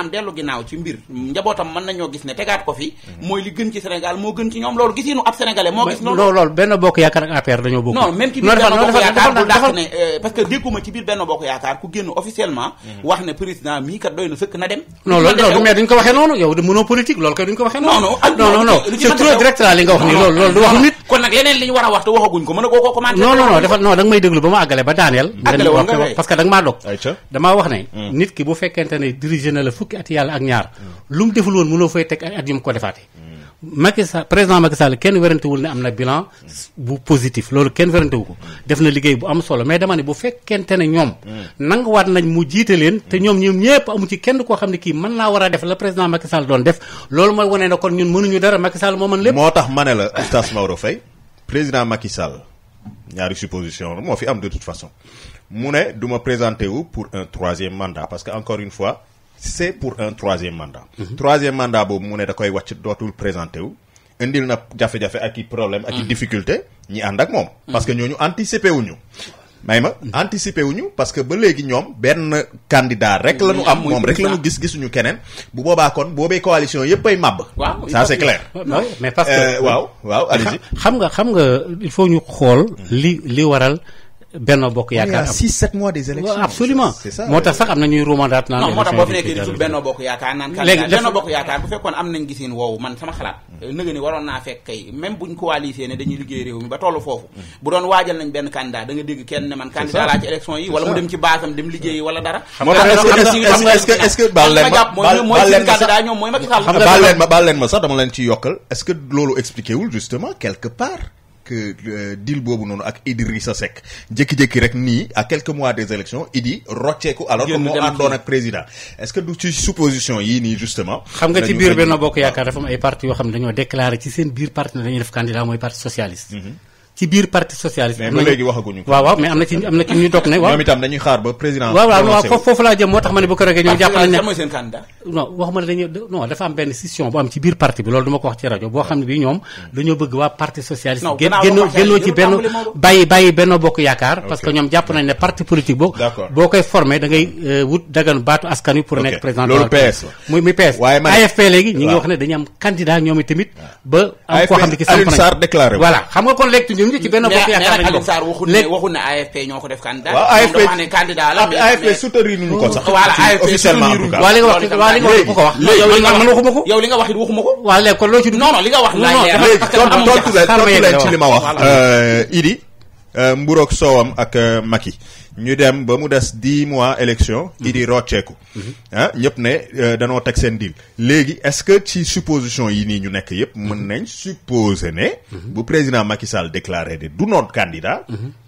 maanaam dellu ginnaaw ci mbir njabootam mën nañoo gis ne tegaat ko fi mooy li gën ci Sénégal moo gën ci ñoom loolu gis ab sénégalais moo gis loolu loolu benn bokk yaakaar ak APR dañoo bokk non loolu mais duñ ko waxee noonu yow de mënoo politique loolu kay nga wax parce que da maa dog damaa wax ne hmm. nit ki bu fekkente ne dirigé la fukki fukki at yàlla ak ñaar lu mu deful woon mënoo fay teg ay at yu mu ko defaatee. Macky Sall président Macky kenn werantewul ne am na bilan bu positif loolu kenn werantewu ko def na liggéey bu am solo mais dama ne bu fekkente kenn koo xam ne kii mën naa war a def la président Macky doon def loolu mooy wane ne kon mënuñu dara Macky moo mën lépp moo tax ma ne la Oustaz Maodo Faye président Macky ñaari supposition moo fi am de toute façon mu ne du ma c'est pour un troisième mandat. troisième mandat boobu mu ne da koy wàcc dootul présenté wu. indil na jafe-jafe ak i problème ak i mm-hmm. difficulté ñi ànd ak moom. Mm-hmm. parce que ñooñu anticiper wuñu may ma mm-hmm. anticiper wuñu parce que ba léegi ñoom benn candidat rek la ñu am moom rek la gis gisuñu keneen bu boobaa kon boobee coalition yépp ay màbb. waaw ça mais parce euh, waaw waaw allez-y. xam nga xam nga il faut ñu xool li li waral. Benno Bokk Yaakaar am 6 mois des élections moo tax sax am na ñuy rumandaat naan non moo tax boo fi nekkee di tudd Benno Bokk Yaakaar naan léegi Benno Bokk Yaakaar bu fekkoon am nañ giseen woowu man sama xalaat euh, nëga waroon naa fekk kay même buñ coalisé ne dañuy liggéey réew mi ba toll foofu mm. bu doon waajal nañ benn candidat da dégg kenn ne man candidat laa ci élection yi wala mu dem ci baasam dem liggéeyi wala dara baal leen ma sax ak euh, deal boobu noonu ak Idrissa Seck jékki-jékki rek nii à quelques mois des élections Idi rocceeku alors que moo àndoon ak président est-ce que du ci supposition yii nii justement xam nga ci biir Benno Bokk Yaakaar dafa am ay parti yoo xam ne dañoo déclaré ci seen biir parti ne dañuy def candidat mooy parti socialiste mhm. ci biir parti socialiste. mais ba léegi waxaguñu ko. waaw waaw mais am na ci ñu toog ne waaw. waaw foofu laa jëm moo tax ma ne bu ko ñoom jàpp nañ ne parti bi boo koy formé da euh, wut dagan baatu askan pour nekk président. loolu PS muy muy PS. AFP léegi ñu ngi wax ne dañuy am candidat ñoom itamit ah. ba am koo xam ne ki samp nañ voilà xam nga kon léegi ñu ngi ci benn bopp yaakaar a ko Alioune Sarr waxul ne waxul ne AFP ñoo ko def candidat waaw AFP dafa ne candidat la mais AFP soutenir ñu ko sax voilà AFP officiellement en tout cas waaw li nga wax waaw li nga wax ko wax yow li nga ko loo ci non non li wax laay leer ci li ma wax euh, Idi Euh, mburoog soowam ak euh, Macky ñu dem ba mu des di mois élection mhm. idi rocceeku mhm. ah ñëpp ne euh, danoo teg seen deal léegi est-ce que ci supposition yi nii ñu nekk yëpp mhm. mën nañ supposer ne bu président Macky Sall déclaré du noot notre candidat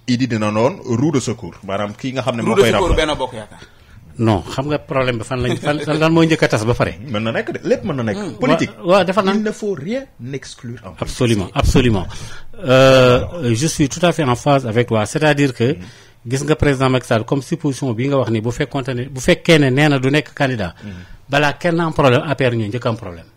idi na noon roue de secours maanaam kii nga xam ne moo koy rappelé roue bokk non xam nga problème bi fan lañ fan lan mooy njëkk a tas ba pare. mën na nekk de lépp mën na nekk. Hmm. politique waaw dafa naan ne faut rien exclure. en absolument absolument euh, je tout à fait en phase avec toi c'est-à-dire que. Hmm. gis nga président Macky comme comme supposition bi nga wax ni bu fekkonte ne bu fekkee ne nee du nekk candidat. Hmm. balaa kenn am problème APR ñu njëkk am problème.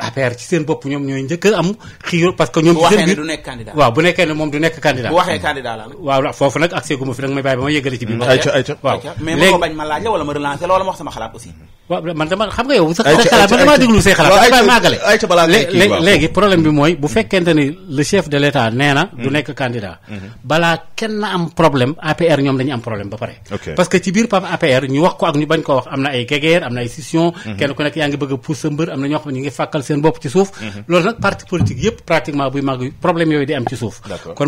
APR ci seen bopp ñoom ñooy njëkk am xiiro parce que ñoom ci seen biir du waaw bu nekkee ne moom du nekk candidat bu waxee candidat la waaw foofu nag accès gu fi nag may bàyyi ba ma yëgale ci biir waaw mais ma bañ ma laaj la ma relancer la ma wax sama xalaat aussi waaw man dama xam nga yow sa xalaat man damaa déglu say xalaat léegi problème bi mooy bu mm-hmm. fekkente ni le chef de l'état nee na du mm-hmm. nekk candidat mm-hmm. balaa kenn am problème APR ñoom dañu am problème ba pare parce que ci biir pam APR ñu wax ko ak ñu bañ ko wax am na ay gegeer am na ay scission kenn ku nekk yaa ngi bëgg a sa mbër am na ñoo xam ne ñu ngi fàkkal seen bopp ci suuf loolu nag parti politique yëpp pratiquement buy màgg problème am ci suuf kon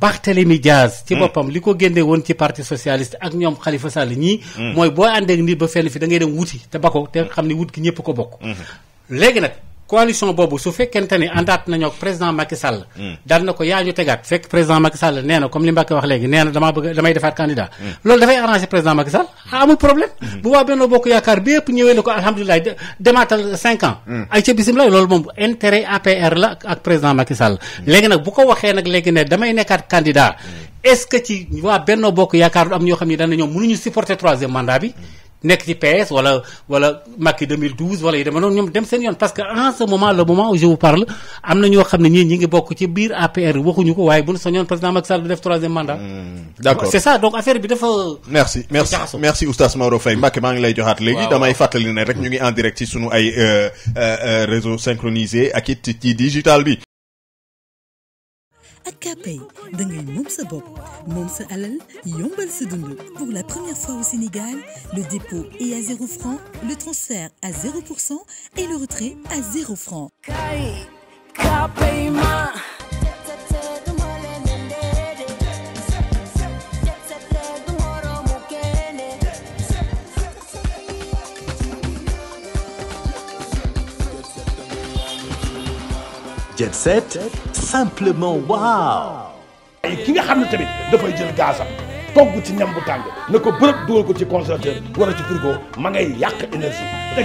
Barthélemy Diaz ci mm. boppam li ko génne woon ci parti socialiste ak ñoom xalifa Sall ñii mm. mooy boo àndeek nit ba fenn fi dangay dem wuti te ba ko te xam ne wut ki ñëpp ko bokk mm-hmm. léegi nag coalition boobu su fekkente ni àndaat nañoo président Macky Sall. Hmm. daan na ko yaa ñu tegaat fekk président Macky Sall nee na comme li Mbacke wax léegi nee na damaa bëgg damay defaat candidat. Hmm. loolu dafay arrangé président Macky hmm. Bokk Yaakaar bi yëpp ñëwee na ko alhamdulilah demaatal 5 ans. ay ca bisimilah loolu moom intérêt APR la ak président Macky Sall. léegi nag bu ko waxee nag léegi ne damay nekkaat candidat. est-ce que ci waa Benno Bokk Yaakaar du am ñoo xam ni daan na ñoom mënuñu supporter troisième mandat bi. nekk ci PS wala wala Macky 2012 wala yu demee noonu ñoom dem seen yoon parce que en ce moment le moment où je parle am na ñoo xam ne ñii ñi ngi bokk ci biir APR waxuñu ko waaye bu ñu soñoon président Macky Sall du def troisième mandat. Hmm, d'accord c'est ça donc affaire bi dafa. merci merci merci oustaz Maodo Faye Mbacke maa ngi lay joxaat léegi. damay fàttali ne rek ñu ngi en direct ci sunu ay euh, euh, euh, réseau synchronisé ak it ci digital bi. ak Kpay da ngay moom sa alal yombal sa dund. pour la première fois au Sénégal le dépôt est à zéro franc le transfert à et le retrait à zéro franc. Jet Set simplement waaw. ay ki nga xam ne tamit dafay jël gazam togg ci ñam bu tàng na ko bërëb dugal ko ci congélateur wala ci frigo ma ngay yàq énergie te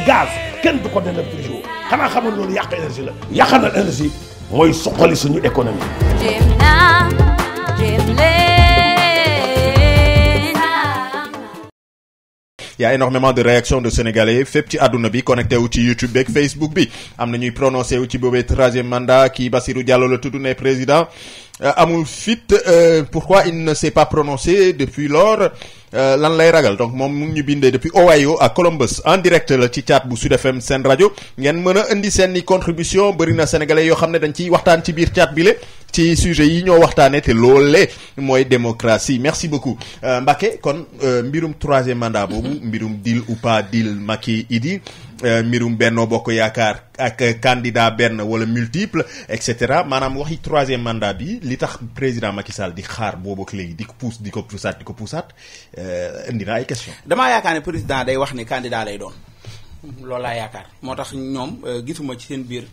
kenn du ko dana frigo xanaa xam nga loolu yàq énergie la. yàqanal énergie mooy suqali suñu économie. y a énormément de réactions de sénégalais fépp ci àdduna bi connecté wu ci YouTube beeg Facebook bi am na ñuy prononcé wu ci boobee troisième mandat kii Bassirou Diallo la tudd ne président euh, amul fit euh, pourquoi il ne s'est pas prononcé depuis lors Euh, lan lay ragal donc moom mu ñu bindee depuis Ohio à Columbus en direct la ci chat bu Sud FM seen rajo ngeen mën a indi seen i contribution bëri na sénégalais yoo xam ne dañ ciy waxtaan ci biir chat bi le ci sujet yi ñoo waxtaanee te loolee mooy démocratie merci beaucoup euh, Mbacké kon euh, mbirum troisième mandat boobu mbirum deal ou pas deal Macky Idi Euh, mbirum Benno Bokk Yaakaar ak euh, candidat benn wala multiple et cetera maanaam waxi troisième mandat bi li tax président Macky Sall di xaar boobu ak léegi di ko puus di ko puusaat di ko puusaat euh, indi na ay question damaa yaakaar ne président day wax ni kandidaa lay doon loolu laa yaakaar moo tax ñoom gisuma ci seen biir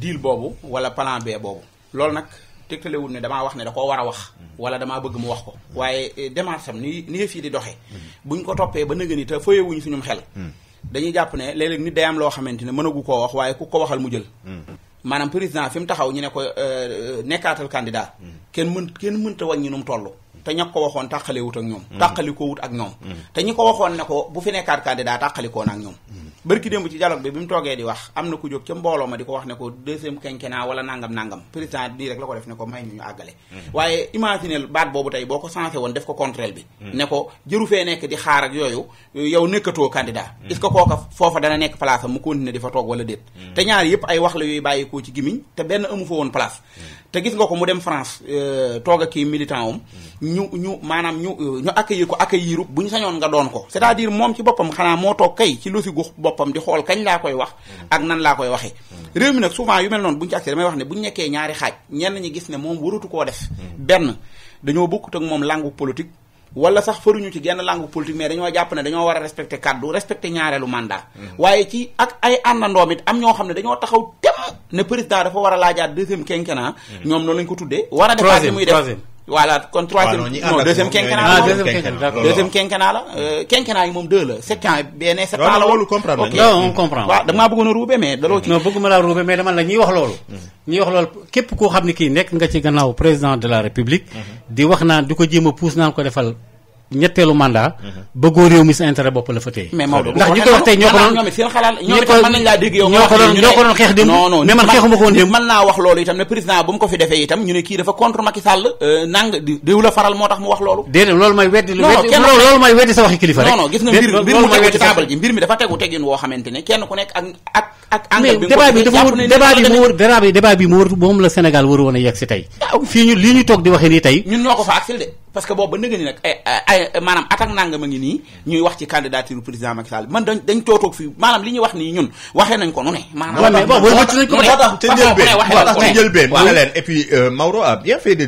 deal boobu wala plan B boobu loolu nag tegtalewul ne damaa wax ne da koo war a wax wala damaa bëgg mu wax ko waaye démarche am ni ni yëf yi di doxee mm-hmm. buñ ko toppee ba nëgëni te fëyewuñu suñum xel mm-hmm. dañuy jàpp ne léeg-léeg nit day am loo xamante ne mënagu koo wax waaye ku ko waxal mu jël hmm. maanaam président fi mu taxaw ñu ne ko euh, euh, nekkaatal candidat hmm. kenn mën kenn mënta wàññi nu mu toll te ña ko waxoon tàqalewut ak ñoom hmm. tàqalikoo wut ak ñoom te ñi ko waxoon ne ko bu fi nekkaat candidat tàqalikoo koon ak ñoom bërki démb ci dialogue bi bi mu toogee di wax am na ku jóg ca mbooloo ma di ko wax ne ko deuxième quinquennat wala nangam nangam président nii rek la ko def ne ko may ñu ñu àggale mm-hmm. waaye imaginel baat boobu tey boo ko sensé woon def ko contrôle bi mm-hmm. di xaar ak yooyu yow nekkatoo candidat mm-hmm. est-ce que kooka foofa dana nekk place am mu continuer di fa toog wala déet te ñaar yëpp ko ci gimiñ te benn amu fa euh, toog kii militant ñu ñu maanaam ñu euh, ñu accueillir ko accueillir bu ñu sañoon nga doon ko c'est-à-dire moom ci boppam xanaa moo toog kay ci losi gu bopp boppam di xool kañ laa koy wax ak nan laa koy waxee réew mi nag souvent yu mel noonu bu ñu ci agsi damay wax ne bu ñu nekkee ñaari xaaj ñenn ñi gis ne moom waratu koo def benn dañoo bokkut ak moom langue politique wala sax faruñu ci genn langue politique mais dañoo jàpp ne dañoo war a respecté kàddu respecté ñaareelu mandat waaye ci ak ay àndandoom it am ñoo xam ne dañoo taxaw tem ne président dafa war a laajaat deuxième quinquennat ñoom noonu lañ ko tuddee war a defaat li muy voilà kon troisième ah, non deuxième quinquennat la deuxième quinquennat la euh, quinquennat yi moom deux la sept ans benn sept ans la woon ok comprend damaa bëggoon a ruube mais daloo ci non bëgguma laa ruube mais dama la ñuy wax loolu mm-hmm. ñuy wax loolu képp koo xam ne kii nekk nga ci gannaaw président de la république mm-hmm. di wax naan di ko jéem a puus naan ko defal ñetteelu mandat. Mhm. bëggoo réew mi sa intérêt la fa téye. ndax ñi ko wax tey ñoo ko doon seen xalaat ñoo ko mën nañ laa dégg yow. ñoo ko doon xeex démb. non mais man xeexuma ko woon démb. mën naa wax loolu itam ne président bu mu ko fi defee itam ñu ne kii dafa contre Macky Sall. Euh, nang diw la faral moo tax mu wax loolu. déedéet loolu may weddi. non kenn loolu may weddi sa waxi kilifa rek. non gis nga mbir mbir mu tegu ci table ji mbir mi dafa tegu teggin woo xamante mu débat bi débat bi parce que boobu ba nëgë ni nag eh, eh, ay ay eh, maanaam attaque nangam ngi nii ñuy wax ci candidature président Macky Sall man dañ dañ tootoog fii maanaam li ñuy wax nii ñun waxee nañ ko nu ne maanaam moo tax ci njëlbeen ma ne leen et puis euh, Maodo a bien fait de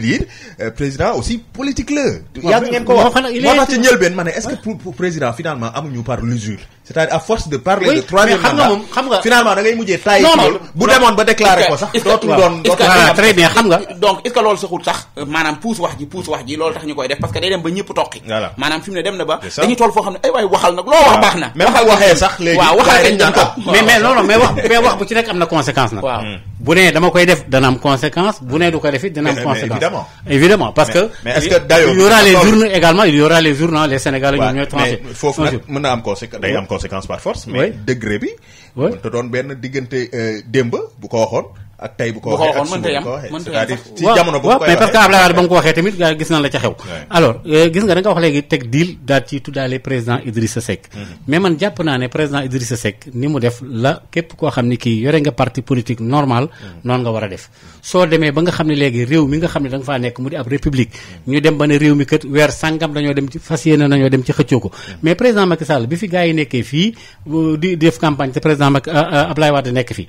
euh, président aussi politique la yàgg ngeen ko wax moo tax ci njëlbeen ma ne est-ce que pour président finalement amuñu par l'usure cest à a à force de parler oui, de troisième mandat moom xam nga finalement da ngay mujjee taay loolu bu demoon ba déclaré ko sax dootul doon xam nga donc est que loolu saxul sax maanaam puus wax ji puus wax ji loolu tax ñu koy def parce que day dem ba ñëpp toqi voilà maanaam fi ne dem na ba dañuy toll foo xam ne ay eh waay waxal nag loo wax baax na même waxee [LAUGHS] wax bu ci nekk am na conséquence nag bu nee dama koy def dana am conséquence bu nee du ko def it dana am conséquence évidemment évidemment parce que mais est-ce que dayoo il y les urnes également il y aura les urnes les ñooy tranché foofu nag mën na am conséquence day am conséquence par force mais degré bi mën ta doon benn diggante euh, démb bu ko waxoon ak tey bu mais parce que Abdoulaye ba nga ko waxee tamit gars gis na la ca xew. alors euh, gis nga da nga wax léegi teg deal daal ci tuddaale président Idrissa Seck. Mm-hmm. mais man jàpp naa ne président Idrissa Seck ni mu def la képp koo xam ne kii yore nga parti politique normal mm-hmm. noonu nga war a def. soo demee ba nga xam ne léegi réew mi nga xam ne da nga faa nekk mu di ab république mm-hmm. ñu dem ba ne réew mi kat weer sangam dañoo dem ci fas yéene nañoo dem ci xëccoo ko mais président Macky Sall bi fi gars yi nekkee fii euh, di def campagne te président Macky euh, Abdoulaye nekk fii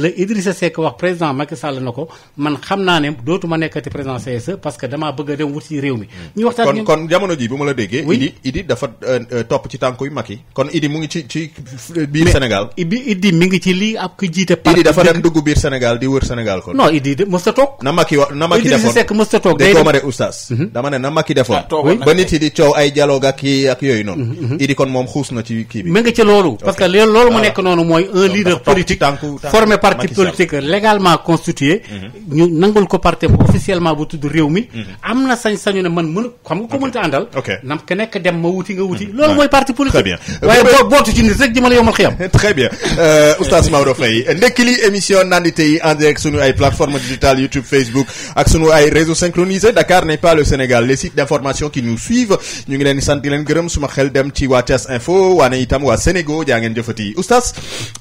la Idrissa Seck wax président Macky Sall na ko man xam naa ne dootuma nekkati président CSE parce que damaa bëgg a dem wuti réew mi. Hmm. ñu waxtaan kon jamono ji bu ma la déggee. oui dafa euh, euh, topp ci tànku yu mag kon Idi mu ngi ci lii ab jiite. parti Idi di wër Sénégal kon. non Idi de mës a toog. na Macky wa na Macky defoon Idrissa Seck a toog day de oustaz. Mhm. dama ne na Macky defoon. Ah, ba nit yi di coow ay dialogue ak yi ak yooyu noonu. Mhm, mhm. Idi kon moom xuus na ci kii bi. mi ngi ci loolu parce que loolu mu nekk noonu mooy un leader politique formé parti politique légalement constitué. Mhm. ñu nangul ko parti officiellement bu tudd réew mi. Mhm. am na sañ-sañu ne man mën xam nga ko mënta àndal. nam ke nekk dem ma wuti nga wuti. Mhm. loolu mooy parti politique. très bien waaye euh, boo bootu ci nit rek jëmale yomal xiyam. [LAUGHS] très bien euh, oustaz Maodo Faye ndekki li émission nandite yi en direct sunu ay plateformes digitales YouTube Facebook ak sunu ay réseaux synchronisés Dakar n'est pas le Sénégal les sites d'information qui nous suivent ñu ngi leen di sant di leen gërëm suma xel dem ci waa Thiès Info waa ne itam waa Sénégal jaa ngeen jëfati oustaz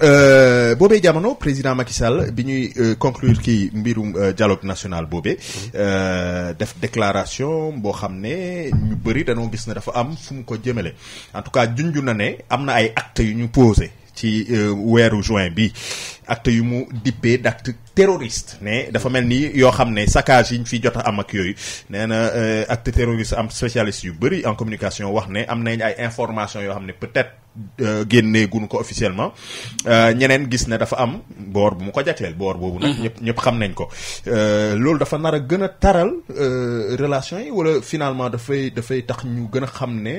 euh, boobee jamono président. Macky Sall bi ñuy euh, conclure kii mbirum euh, dialogue national boobee euh, def déclaration boo xam ne ñu bëri danoo gis ne dafa am fu mu ko jëmale en tout cas junju na ne am na ay actes yu ñu posé ci euh, weeru juin bi acte yu mu dippee d'acte terroriste ne dafa mel ni yoo xam ne saccage yi ñu fi jot a am ak yooyu nee na euh, acte terroriste am spécialiste yu bëri en communication wax ne am nañ ay information yoo xam ne peut-être euh, génnee gunu ko officiellement ñeneen gis ne dafa am boor bu mu ko jateel boor boobu nag mhm. ñëpp ñëpp xam nañ ko loolu dafa nar a gën a taral relation yi wala finalement dafay dafay tax ñu gën a xam ne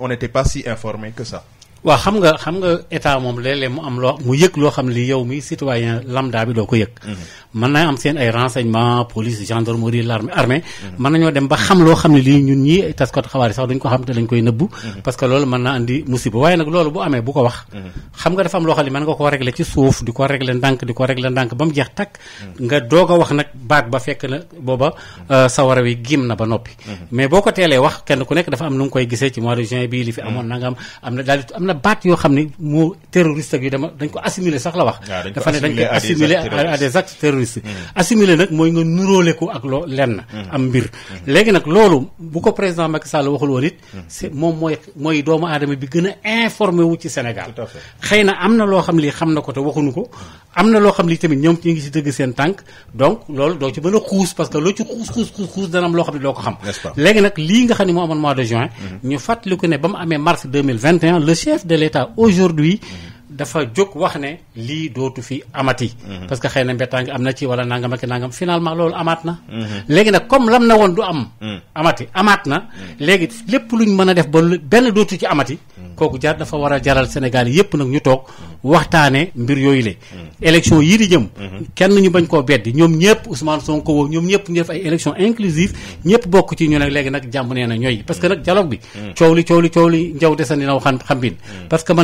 on n'était pas si informé que ça waaw xam nga xam nga état moom léeg-léeg mu am loo mu yëg loo xam ne li yow mi citoyen lambda bi doo ko yëg mhm. mën naa am seen ay renseignement police gendarmerie l'armée armée mhm. mën nañoo ba mhm. naa andi ko wax ci suuf di ko régler ndànk di ko régler ndànk ba mu jeex takk nga doog a wax nag baat ba fekk na booba euh, sawara wi gim na ba noppi mais boo ko teelee wax kenn ku nekk dafa am nu ngi koy gisee ci mois de juin bii li fi amoon nanga am am na daal na baat yoo xam ne moo terroriste ak yu dama dañ ko assimilé sax la wax dafa ne dañ ko assimilé à hmm. mooy nga nuróole ko ak loo lenn hmm. am mbir hmm. léegi nag loolu bu ko président Macky Sall waxul woon it moom mooy doomu aadama bi gën a informé ci Sénégal xëy na am na loo xam lii xam na ko te waxuñu ko am na loo xam lii tamit ñoom ñu ngi ci dëgg seen tànk donc loolu doo ci mën a xuus parce que loo ci xuus xuus xuus xuus dana am loo xam ne doo ko xam léegi nag chef de l'État aujourd'hui mmh. dafa jóg wax ne lii dootu fi amati. Mhm. parce que xëy na mbettaange am na ci wala nangam ak nangam finalement loolu amaat na. Mhm. léegi nag comme lam na woon du am. Mhm. amati amaat na. léegi lépp lu ñu mën a def ba benn dootu ci amati. kooku jar dafa war a jaral Sénégal yépp nag ñu toog waxtaanee mbir yooyu le élection yii di jëm. kenn ñu bañ koo beddi ñoom ñëpp Ousmane Sonko woo ñoom ñëpp ñu def ay élection inclusive ñëpp bokk ci ñu nag léegi nag jàmm nee na ñooy parce que nag dialogue bi. coow li coow li coow li njaw desandi naw xam xam bin parce xam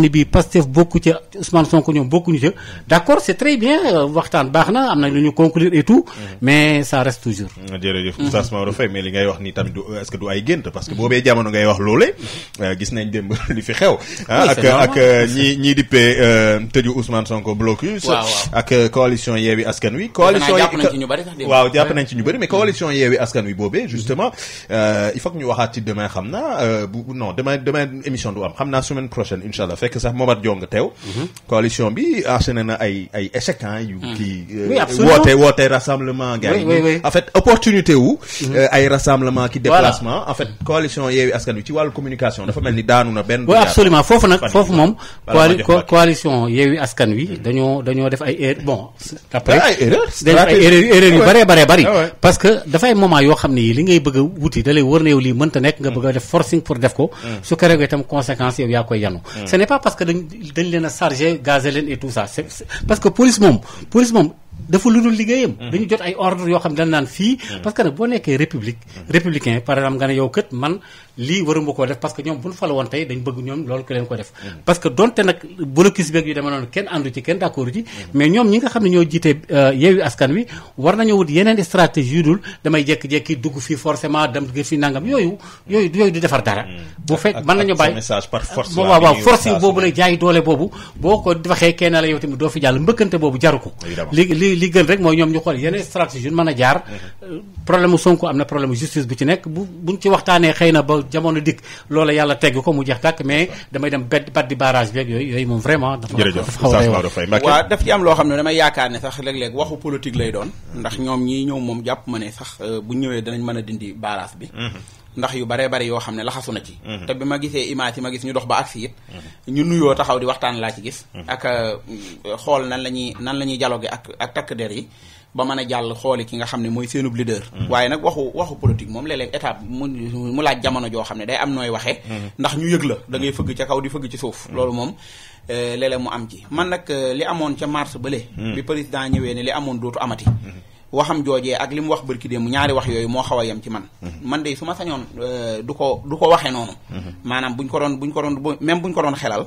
ne Pastef bokku ca Ousmane Sonko ñoom bokkuñu ca d' accord c' très bien euh, waxtaan baax na am na lu ñu conclure et tout mm-hmm. mais ça reste toujours. Mm-hmm. jërëjëf Oustaz mm-hmm. Maodo mais li ngay wax ni tamit du euh, est ce que du ay gént parce que boobee jamono ngay wax loolee euh, gis nañ démb [LAUGHS] li fi xew. Ah, ak ak ñi ñi dippee tëju Ousmane Sonko blocus. ak coalition Yewwi Askan Wi. coalition jàpp nañ ci ñu ci ñu bëri mais coalition Yewwi Askan Wi boobee justement il faut ñu waxaat ci demain xam naa bu non demain émission du am xam naa semaine prochaine incha Lat Diong teew. Mhm. coalition bi enchaîné na ay ay échec yu. Mhm. kii euh, woote woote rassemblement gars yi en fait opportunité wu. Mhm. Euh, ay rassemblement ki déplacement en fait coalition Wi ci wàllu communication dafa mel ni daanu na benn. waaw absolument foofu nag foofu moom. coalition Yewwi Askan Wi dañoo dañoo def ay erreur bon. après ah, ay erreur ay erreur yu bëree bëree bëri. parce que dafay moment yoo xam ne yi li ngay bëgg a wuti da lay wër na yow lii mënta nekk nga mm. bëgg def forcing pour def ko. Mm. su ko réglé itam conséquence yow yaa koy yanu. Mm. ce n'est pas parce que dañ dañ leen a chargé gazé leen et tout ça c'est parce que police moom police moom dafa lu dul liggéeyam mm-hmm. dañu jot ay ordre yoo xam ne dañ naan fii mm-hmm. parce que nag boo nekkee république mm-hmm. républicain par exemple nga ne yow kët man lii waroon nga koo def parce que ñoom bu ñu fal woon tey dañ bëgg ñoom loolu ko leen ko def mm. parce que donte nag blocus beeg yu demee noonu kenn àndu ci kenn d'accord ci mm. mais ñoom ñi nga xam ne ñoo jiite euh, yeewi askan wi war nañoo wut yeneen stratégie dul damay jékki-jékki dugg fii forcément dem nga fi nangam yooyu yooyu du defar dara mm. bu fekk mën nañu bàyyi force yi boobu la jaay doole boobu boo ko waxee kenn la yow tamit doo fi jàll mbëkkante boobu jaru jamono dikk loola yàlla teg ko mu jeex tàkk mais damay dem bedd baddi barrage yooyu yooyu moom vraiment dafa waaw daf ci am loo xam ne damay yaakaar ne sax léeg-léeg waxu politique lay doon ndax ñoom ñii ñëw moom jàpp ma ne sax euh, bu ñëwee danañ mën a dindi barrage bi mm-hmm. ndax yu baree bari yoo xam ne laxasu na ci mm-hmm. te bi ma gisee image yi ma gis ñu dox ba agsi it mm-hmm. ñu nuyoo taxaw di waxtaan laa ci gis ak euh, xool nan la ñuy nan la ñuy dialogue ak ak takk der yi ba mën a jàll xooli ki nga xam ne mooy seenub leader. Mm-hmm. waaye nag waxu waxu politique moom léeg-léeg état mu mu laaj jamono joo xam ne day am nooy waxe mm-hmm. ndax ñu yëg la da mm-hmm. fëgg ca kaw di fëgg ci suuf. loolu moom euh, léeg mu am ci man nag euh, li amoon ca mars bële. bi président ñëwee ne li amoon dootu amati. waxam joojee ak li mu wax bërki mu ñaari wax yooyu moo xaw a yem ci man man de su ma sañoon euh, du ko du ko waxee noonu maanaam buñ ko doon buñ ko doon même buñ ko doon xelal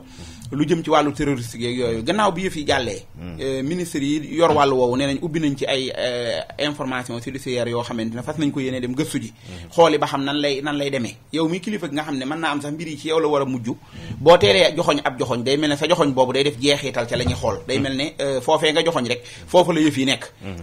lu jëm ci wàllu terroriste yeeg yooyu gannaaw bi yëf yi jàllee. Hmm. Euh, ministres yi yor wàllu woowu nee nañ ubbi nañ ci ay euh, information judiciaire yoo xamante ne fas nañ ko yéene dem gëstu ji. Hmm. xooli ba xam nan lay demee yow mi kilifa gi nga xam ne man naa am sax mbir yi ci yow la war a mujj. Hmm. boo teelee joxoñ ab joxoñ day mel ne sa la ñuy xool. day mel ne euh, foofee nga joxoñ rek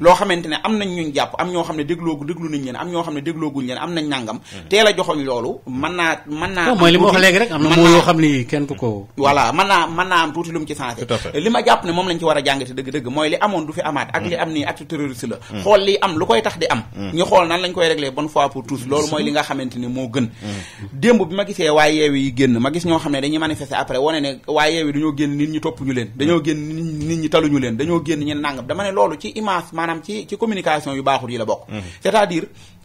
loo xamante ne am nañ ñuñ jàpp am ñoo xam ne dégloo déglu nañ leen am xam ne déglooguñ leen am nañ nàngam. teel a joxoñ loolu mën naa mën naa. mooy li ma wax léegi rek am na moo yoo xam ni kenn du ko. voilà mën naa naa mën naa am tuuti lu ci changé li ma jàpp ne moom lañ ci war a jàngate dëgg-dëgg mooy li amoon du fi amaat ak li am nii acte terroriste la hmm. xool li am lu koy tax di am hmm. ñu xool nan lañ koy régler bonne fois pour tous loolu mooy li nga xamante ne moo gën hmm. démb bi ma gisee waa yeewi yi génn ma gis ñoo xam ne dañu manifester après wane ne waa yeewi dañoo génn nit ñi topp ñu leen dañoo génn nit ñi taluñu leen dañoo génn ñeen nàngam dama ne loolu ci image maanaam ci ci communication yu baaxul yi la bokk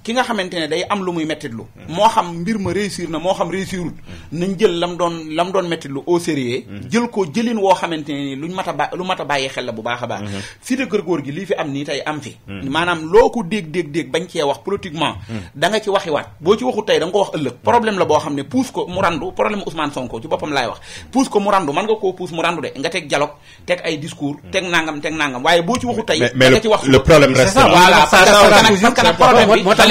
ki nga xamante ne day am lu muy mettitlu moo xam mbir ma réussir na moo xam réussirul nañ jël lam doon lam doon mettitlu au sérieux jël ko jëlin woo xamante ne ni luñ mat a ba lu mat a bàyyi xel la bu baax a baax Cité Keur Gorgui lii fi am nii tey am fi maanaam loo ko dégg dégg dégg bañ cee wax politiquement da nga ci waxiwaat boo ci waxut tey da ko wax ëllëg problème la boo xam ne puus ko mu randu problème Ousmane Sonko ci boppam laay wax puus ko mu randu mën nga koo boo ci waxut tey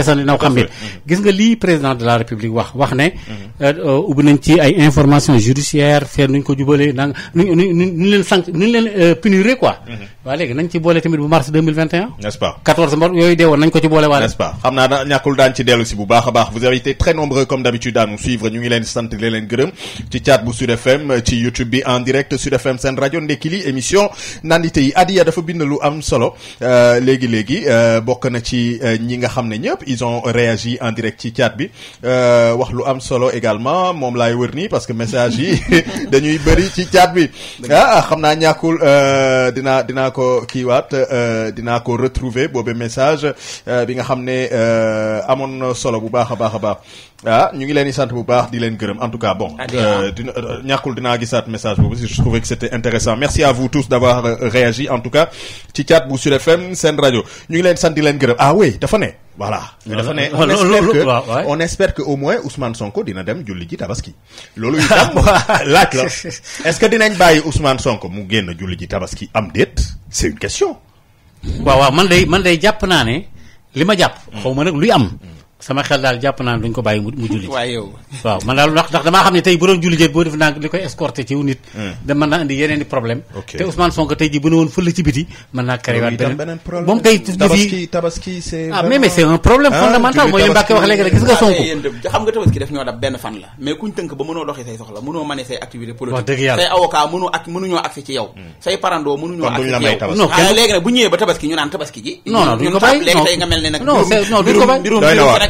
desal naw mm-hmm. euh, euh, ci ay information judiciaire feer nuñ ko jubalee nanga euh, mm-hmm. ci boole bu mars 2021 nest naa da ñàkkul daan ci dellu bu baax a baax vous avez très nombreux comme d'habitude à suivre ñu ngi leen sant di leen gërëm ci chat bu Sud FM ci YouTube bi en direct Sud FM seen rajo ndekki li émission nandite yi Adiya dafa bind lu am solo léegi léegi bokk na ci ñi nga xam ne ñëpp ils on réagi en direct ci chat bi euh, wax lu am solo également moom laay wër nii parce que message yi [LAUGHS] dañuy bëri ci chat bi ah, ah xam naa ñàkkul euh, dinaa dinaa ko kiiwaat euh, dina ko retrouver boobe message bi nga xam ne amoon na solo bu baax a baax a baax ah, ñu ngi leen di sant bu baax di leen gërëm en tout cas bon dina ñàkkul dina gisaat message boobu si je trouvais que c'était intéressant merci à vous tous d'avoir réagi en tout cas ci chat bu Sud FM seen rajo ñu ngi leen sant di leen gërëm ah voilà euh, dafa ne euh, on espère que au moins Ousmane Sonko dina dem julli ji tabaski loolu itam [LAUGHS] laaj la [LAUGHS] est-ce que dinañ bàyyi Ousmane Sonko mu génn julli ji tabaski am déet c'est une question waaw waaw man day man day jàpp naa ne li ma jàpp hmm. xaw ma nag luy am hmm. sama xel daal jàpp naa ne duñ ko bàyyi mu julli waaw boo def naa li koy escorté ci wu nit hmm. da mën naa indi yeneen problème te Ousmane Sonko tey ji bu ne woon la mais kuñ tënk ba mënoo doxi say soxla mënoo mané say activité politique say avocat mënu ak mënuñoo ci yow hmm. say parandoo mënuñoo accès ci yow non ah, léegi nag bu ñëwee ba tabaski ñu naan tabaski ji non non duñ ko bàyyi léegi tey nga mel ne nag non duñ ko bàyyi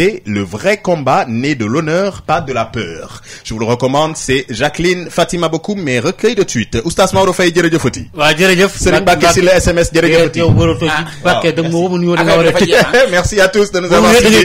C'était le vrai combat né de l'honneur, pas de la peur. Je vous le recommande, c'est Jacqueline Fatima Bokoum, mais recueil de tweets. Oustaz Maodo Faye jërëjëfati. waaw jërëjëf. Serigne Mbacke si la SMS jërëjëfati. merci à tous yi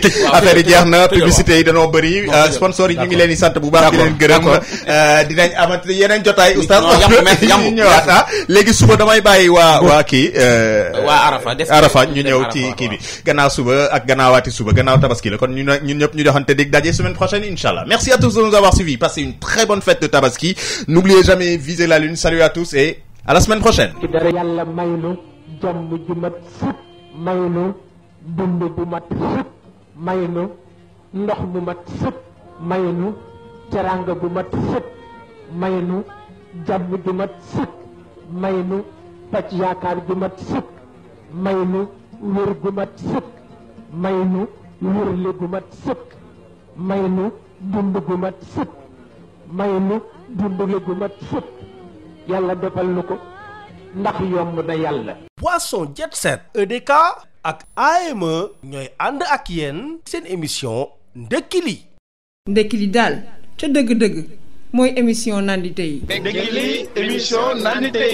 jeex na publicité yi dañoo bëri. Euh, sponsor i ñu ngi leen di sant bu baax di leen gërëm. Euh, dinañ amat yeneen jotaay oustaz. [LAUGHS] ñu ñëwaat ah léegi suba damay bàyyi waa waa kii. Euh, waa Arafa ñu ñëw ci kii bi gannaaw suba ak gannaawaati suba gannaaw tabaski la kon ñu ñun ñëpp ñu doxante dig daje semaine prochaine incha allah merci à tous de nous avoir suivis passez une très bonne fête de Tabaski n'oubliez jamais viser la lune salut à tous et dara yàlla may nu jàmm ju mat sëpp dund bu mat sëpp ndox bu mat sëpp may nu teranga bu mat sëpp may nu jàmm yaakaar ju mat sëpp may nu wér gu wërle gu mat sëkk may nu dund gu sëkk may nu dundle sëkk yàlla defal ko ndax yomb na yàlla. Boisson Jet Set EDK ak AME ñooy ànd ak yéen seen émission ndekki li. ndekki li daal ca dëgg-dëgg mooy émission nandite yi. ndekki li émission nandite yi.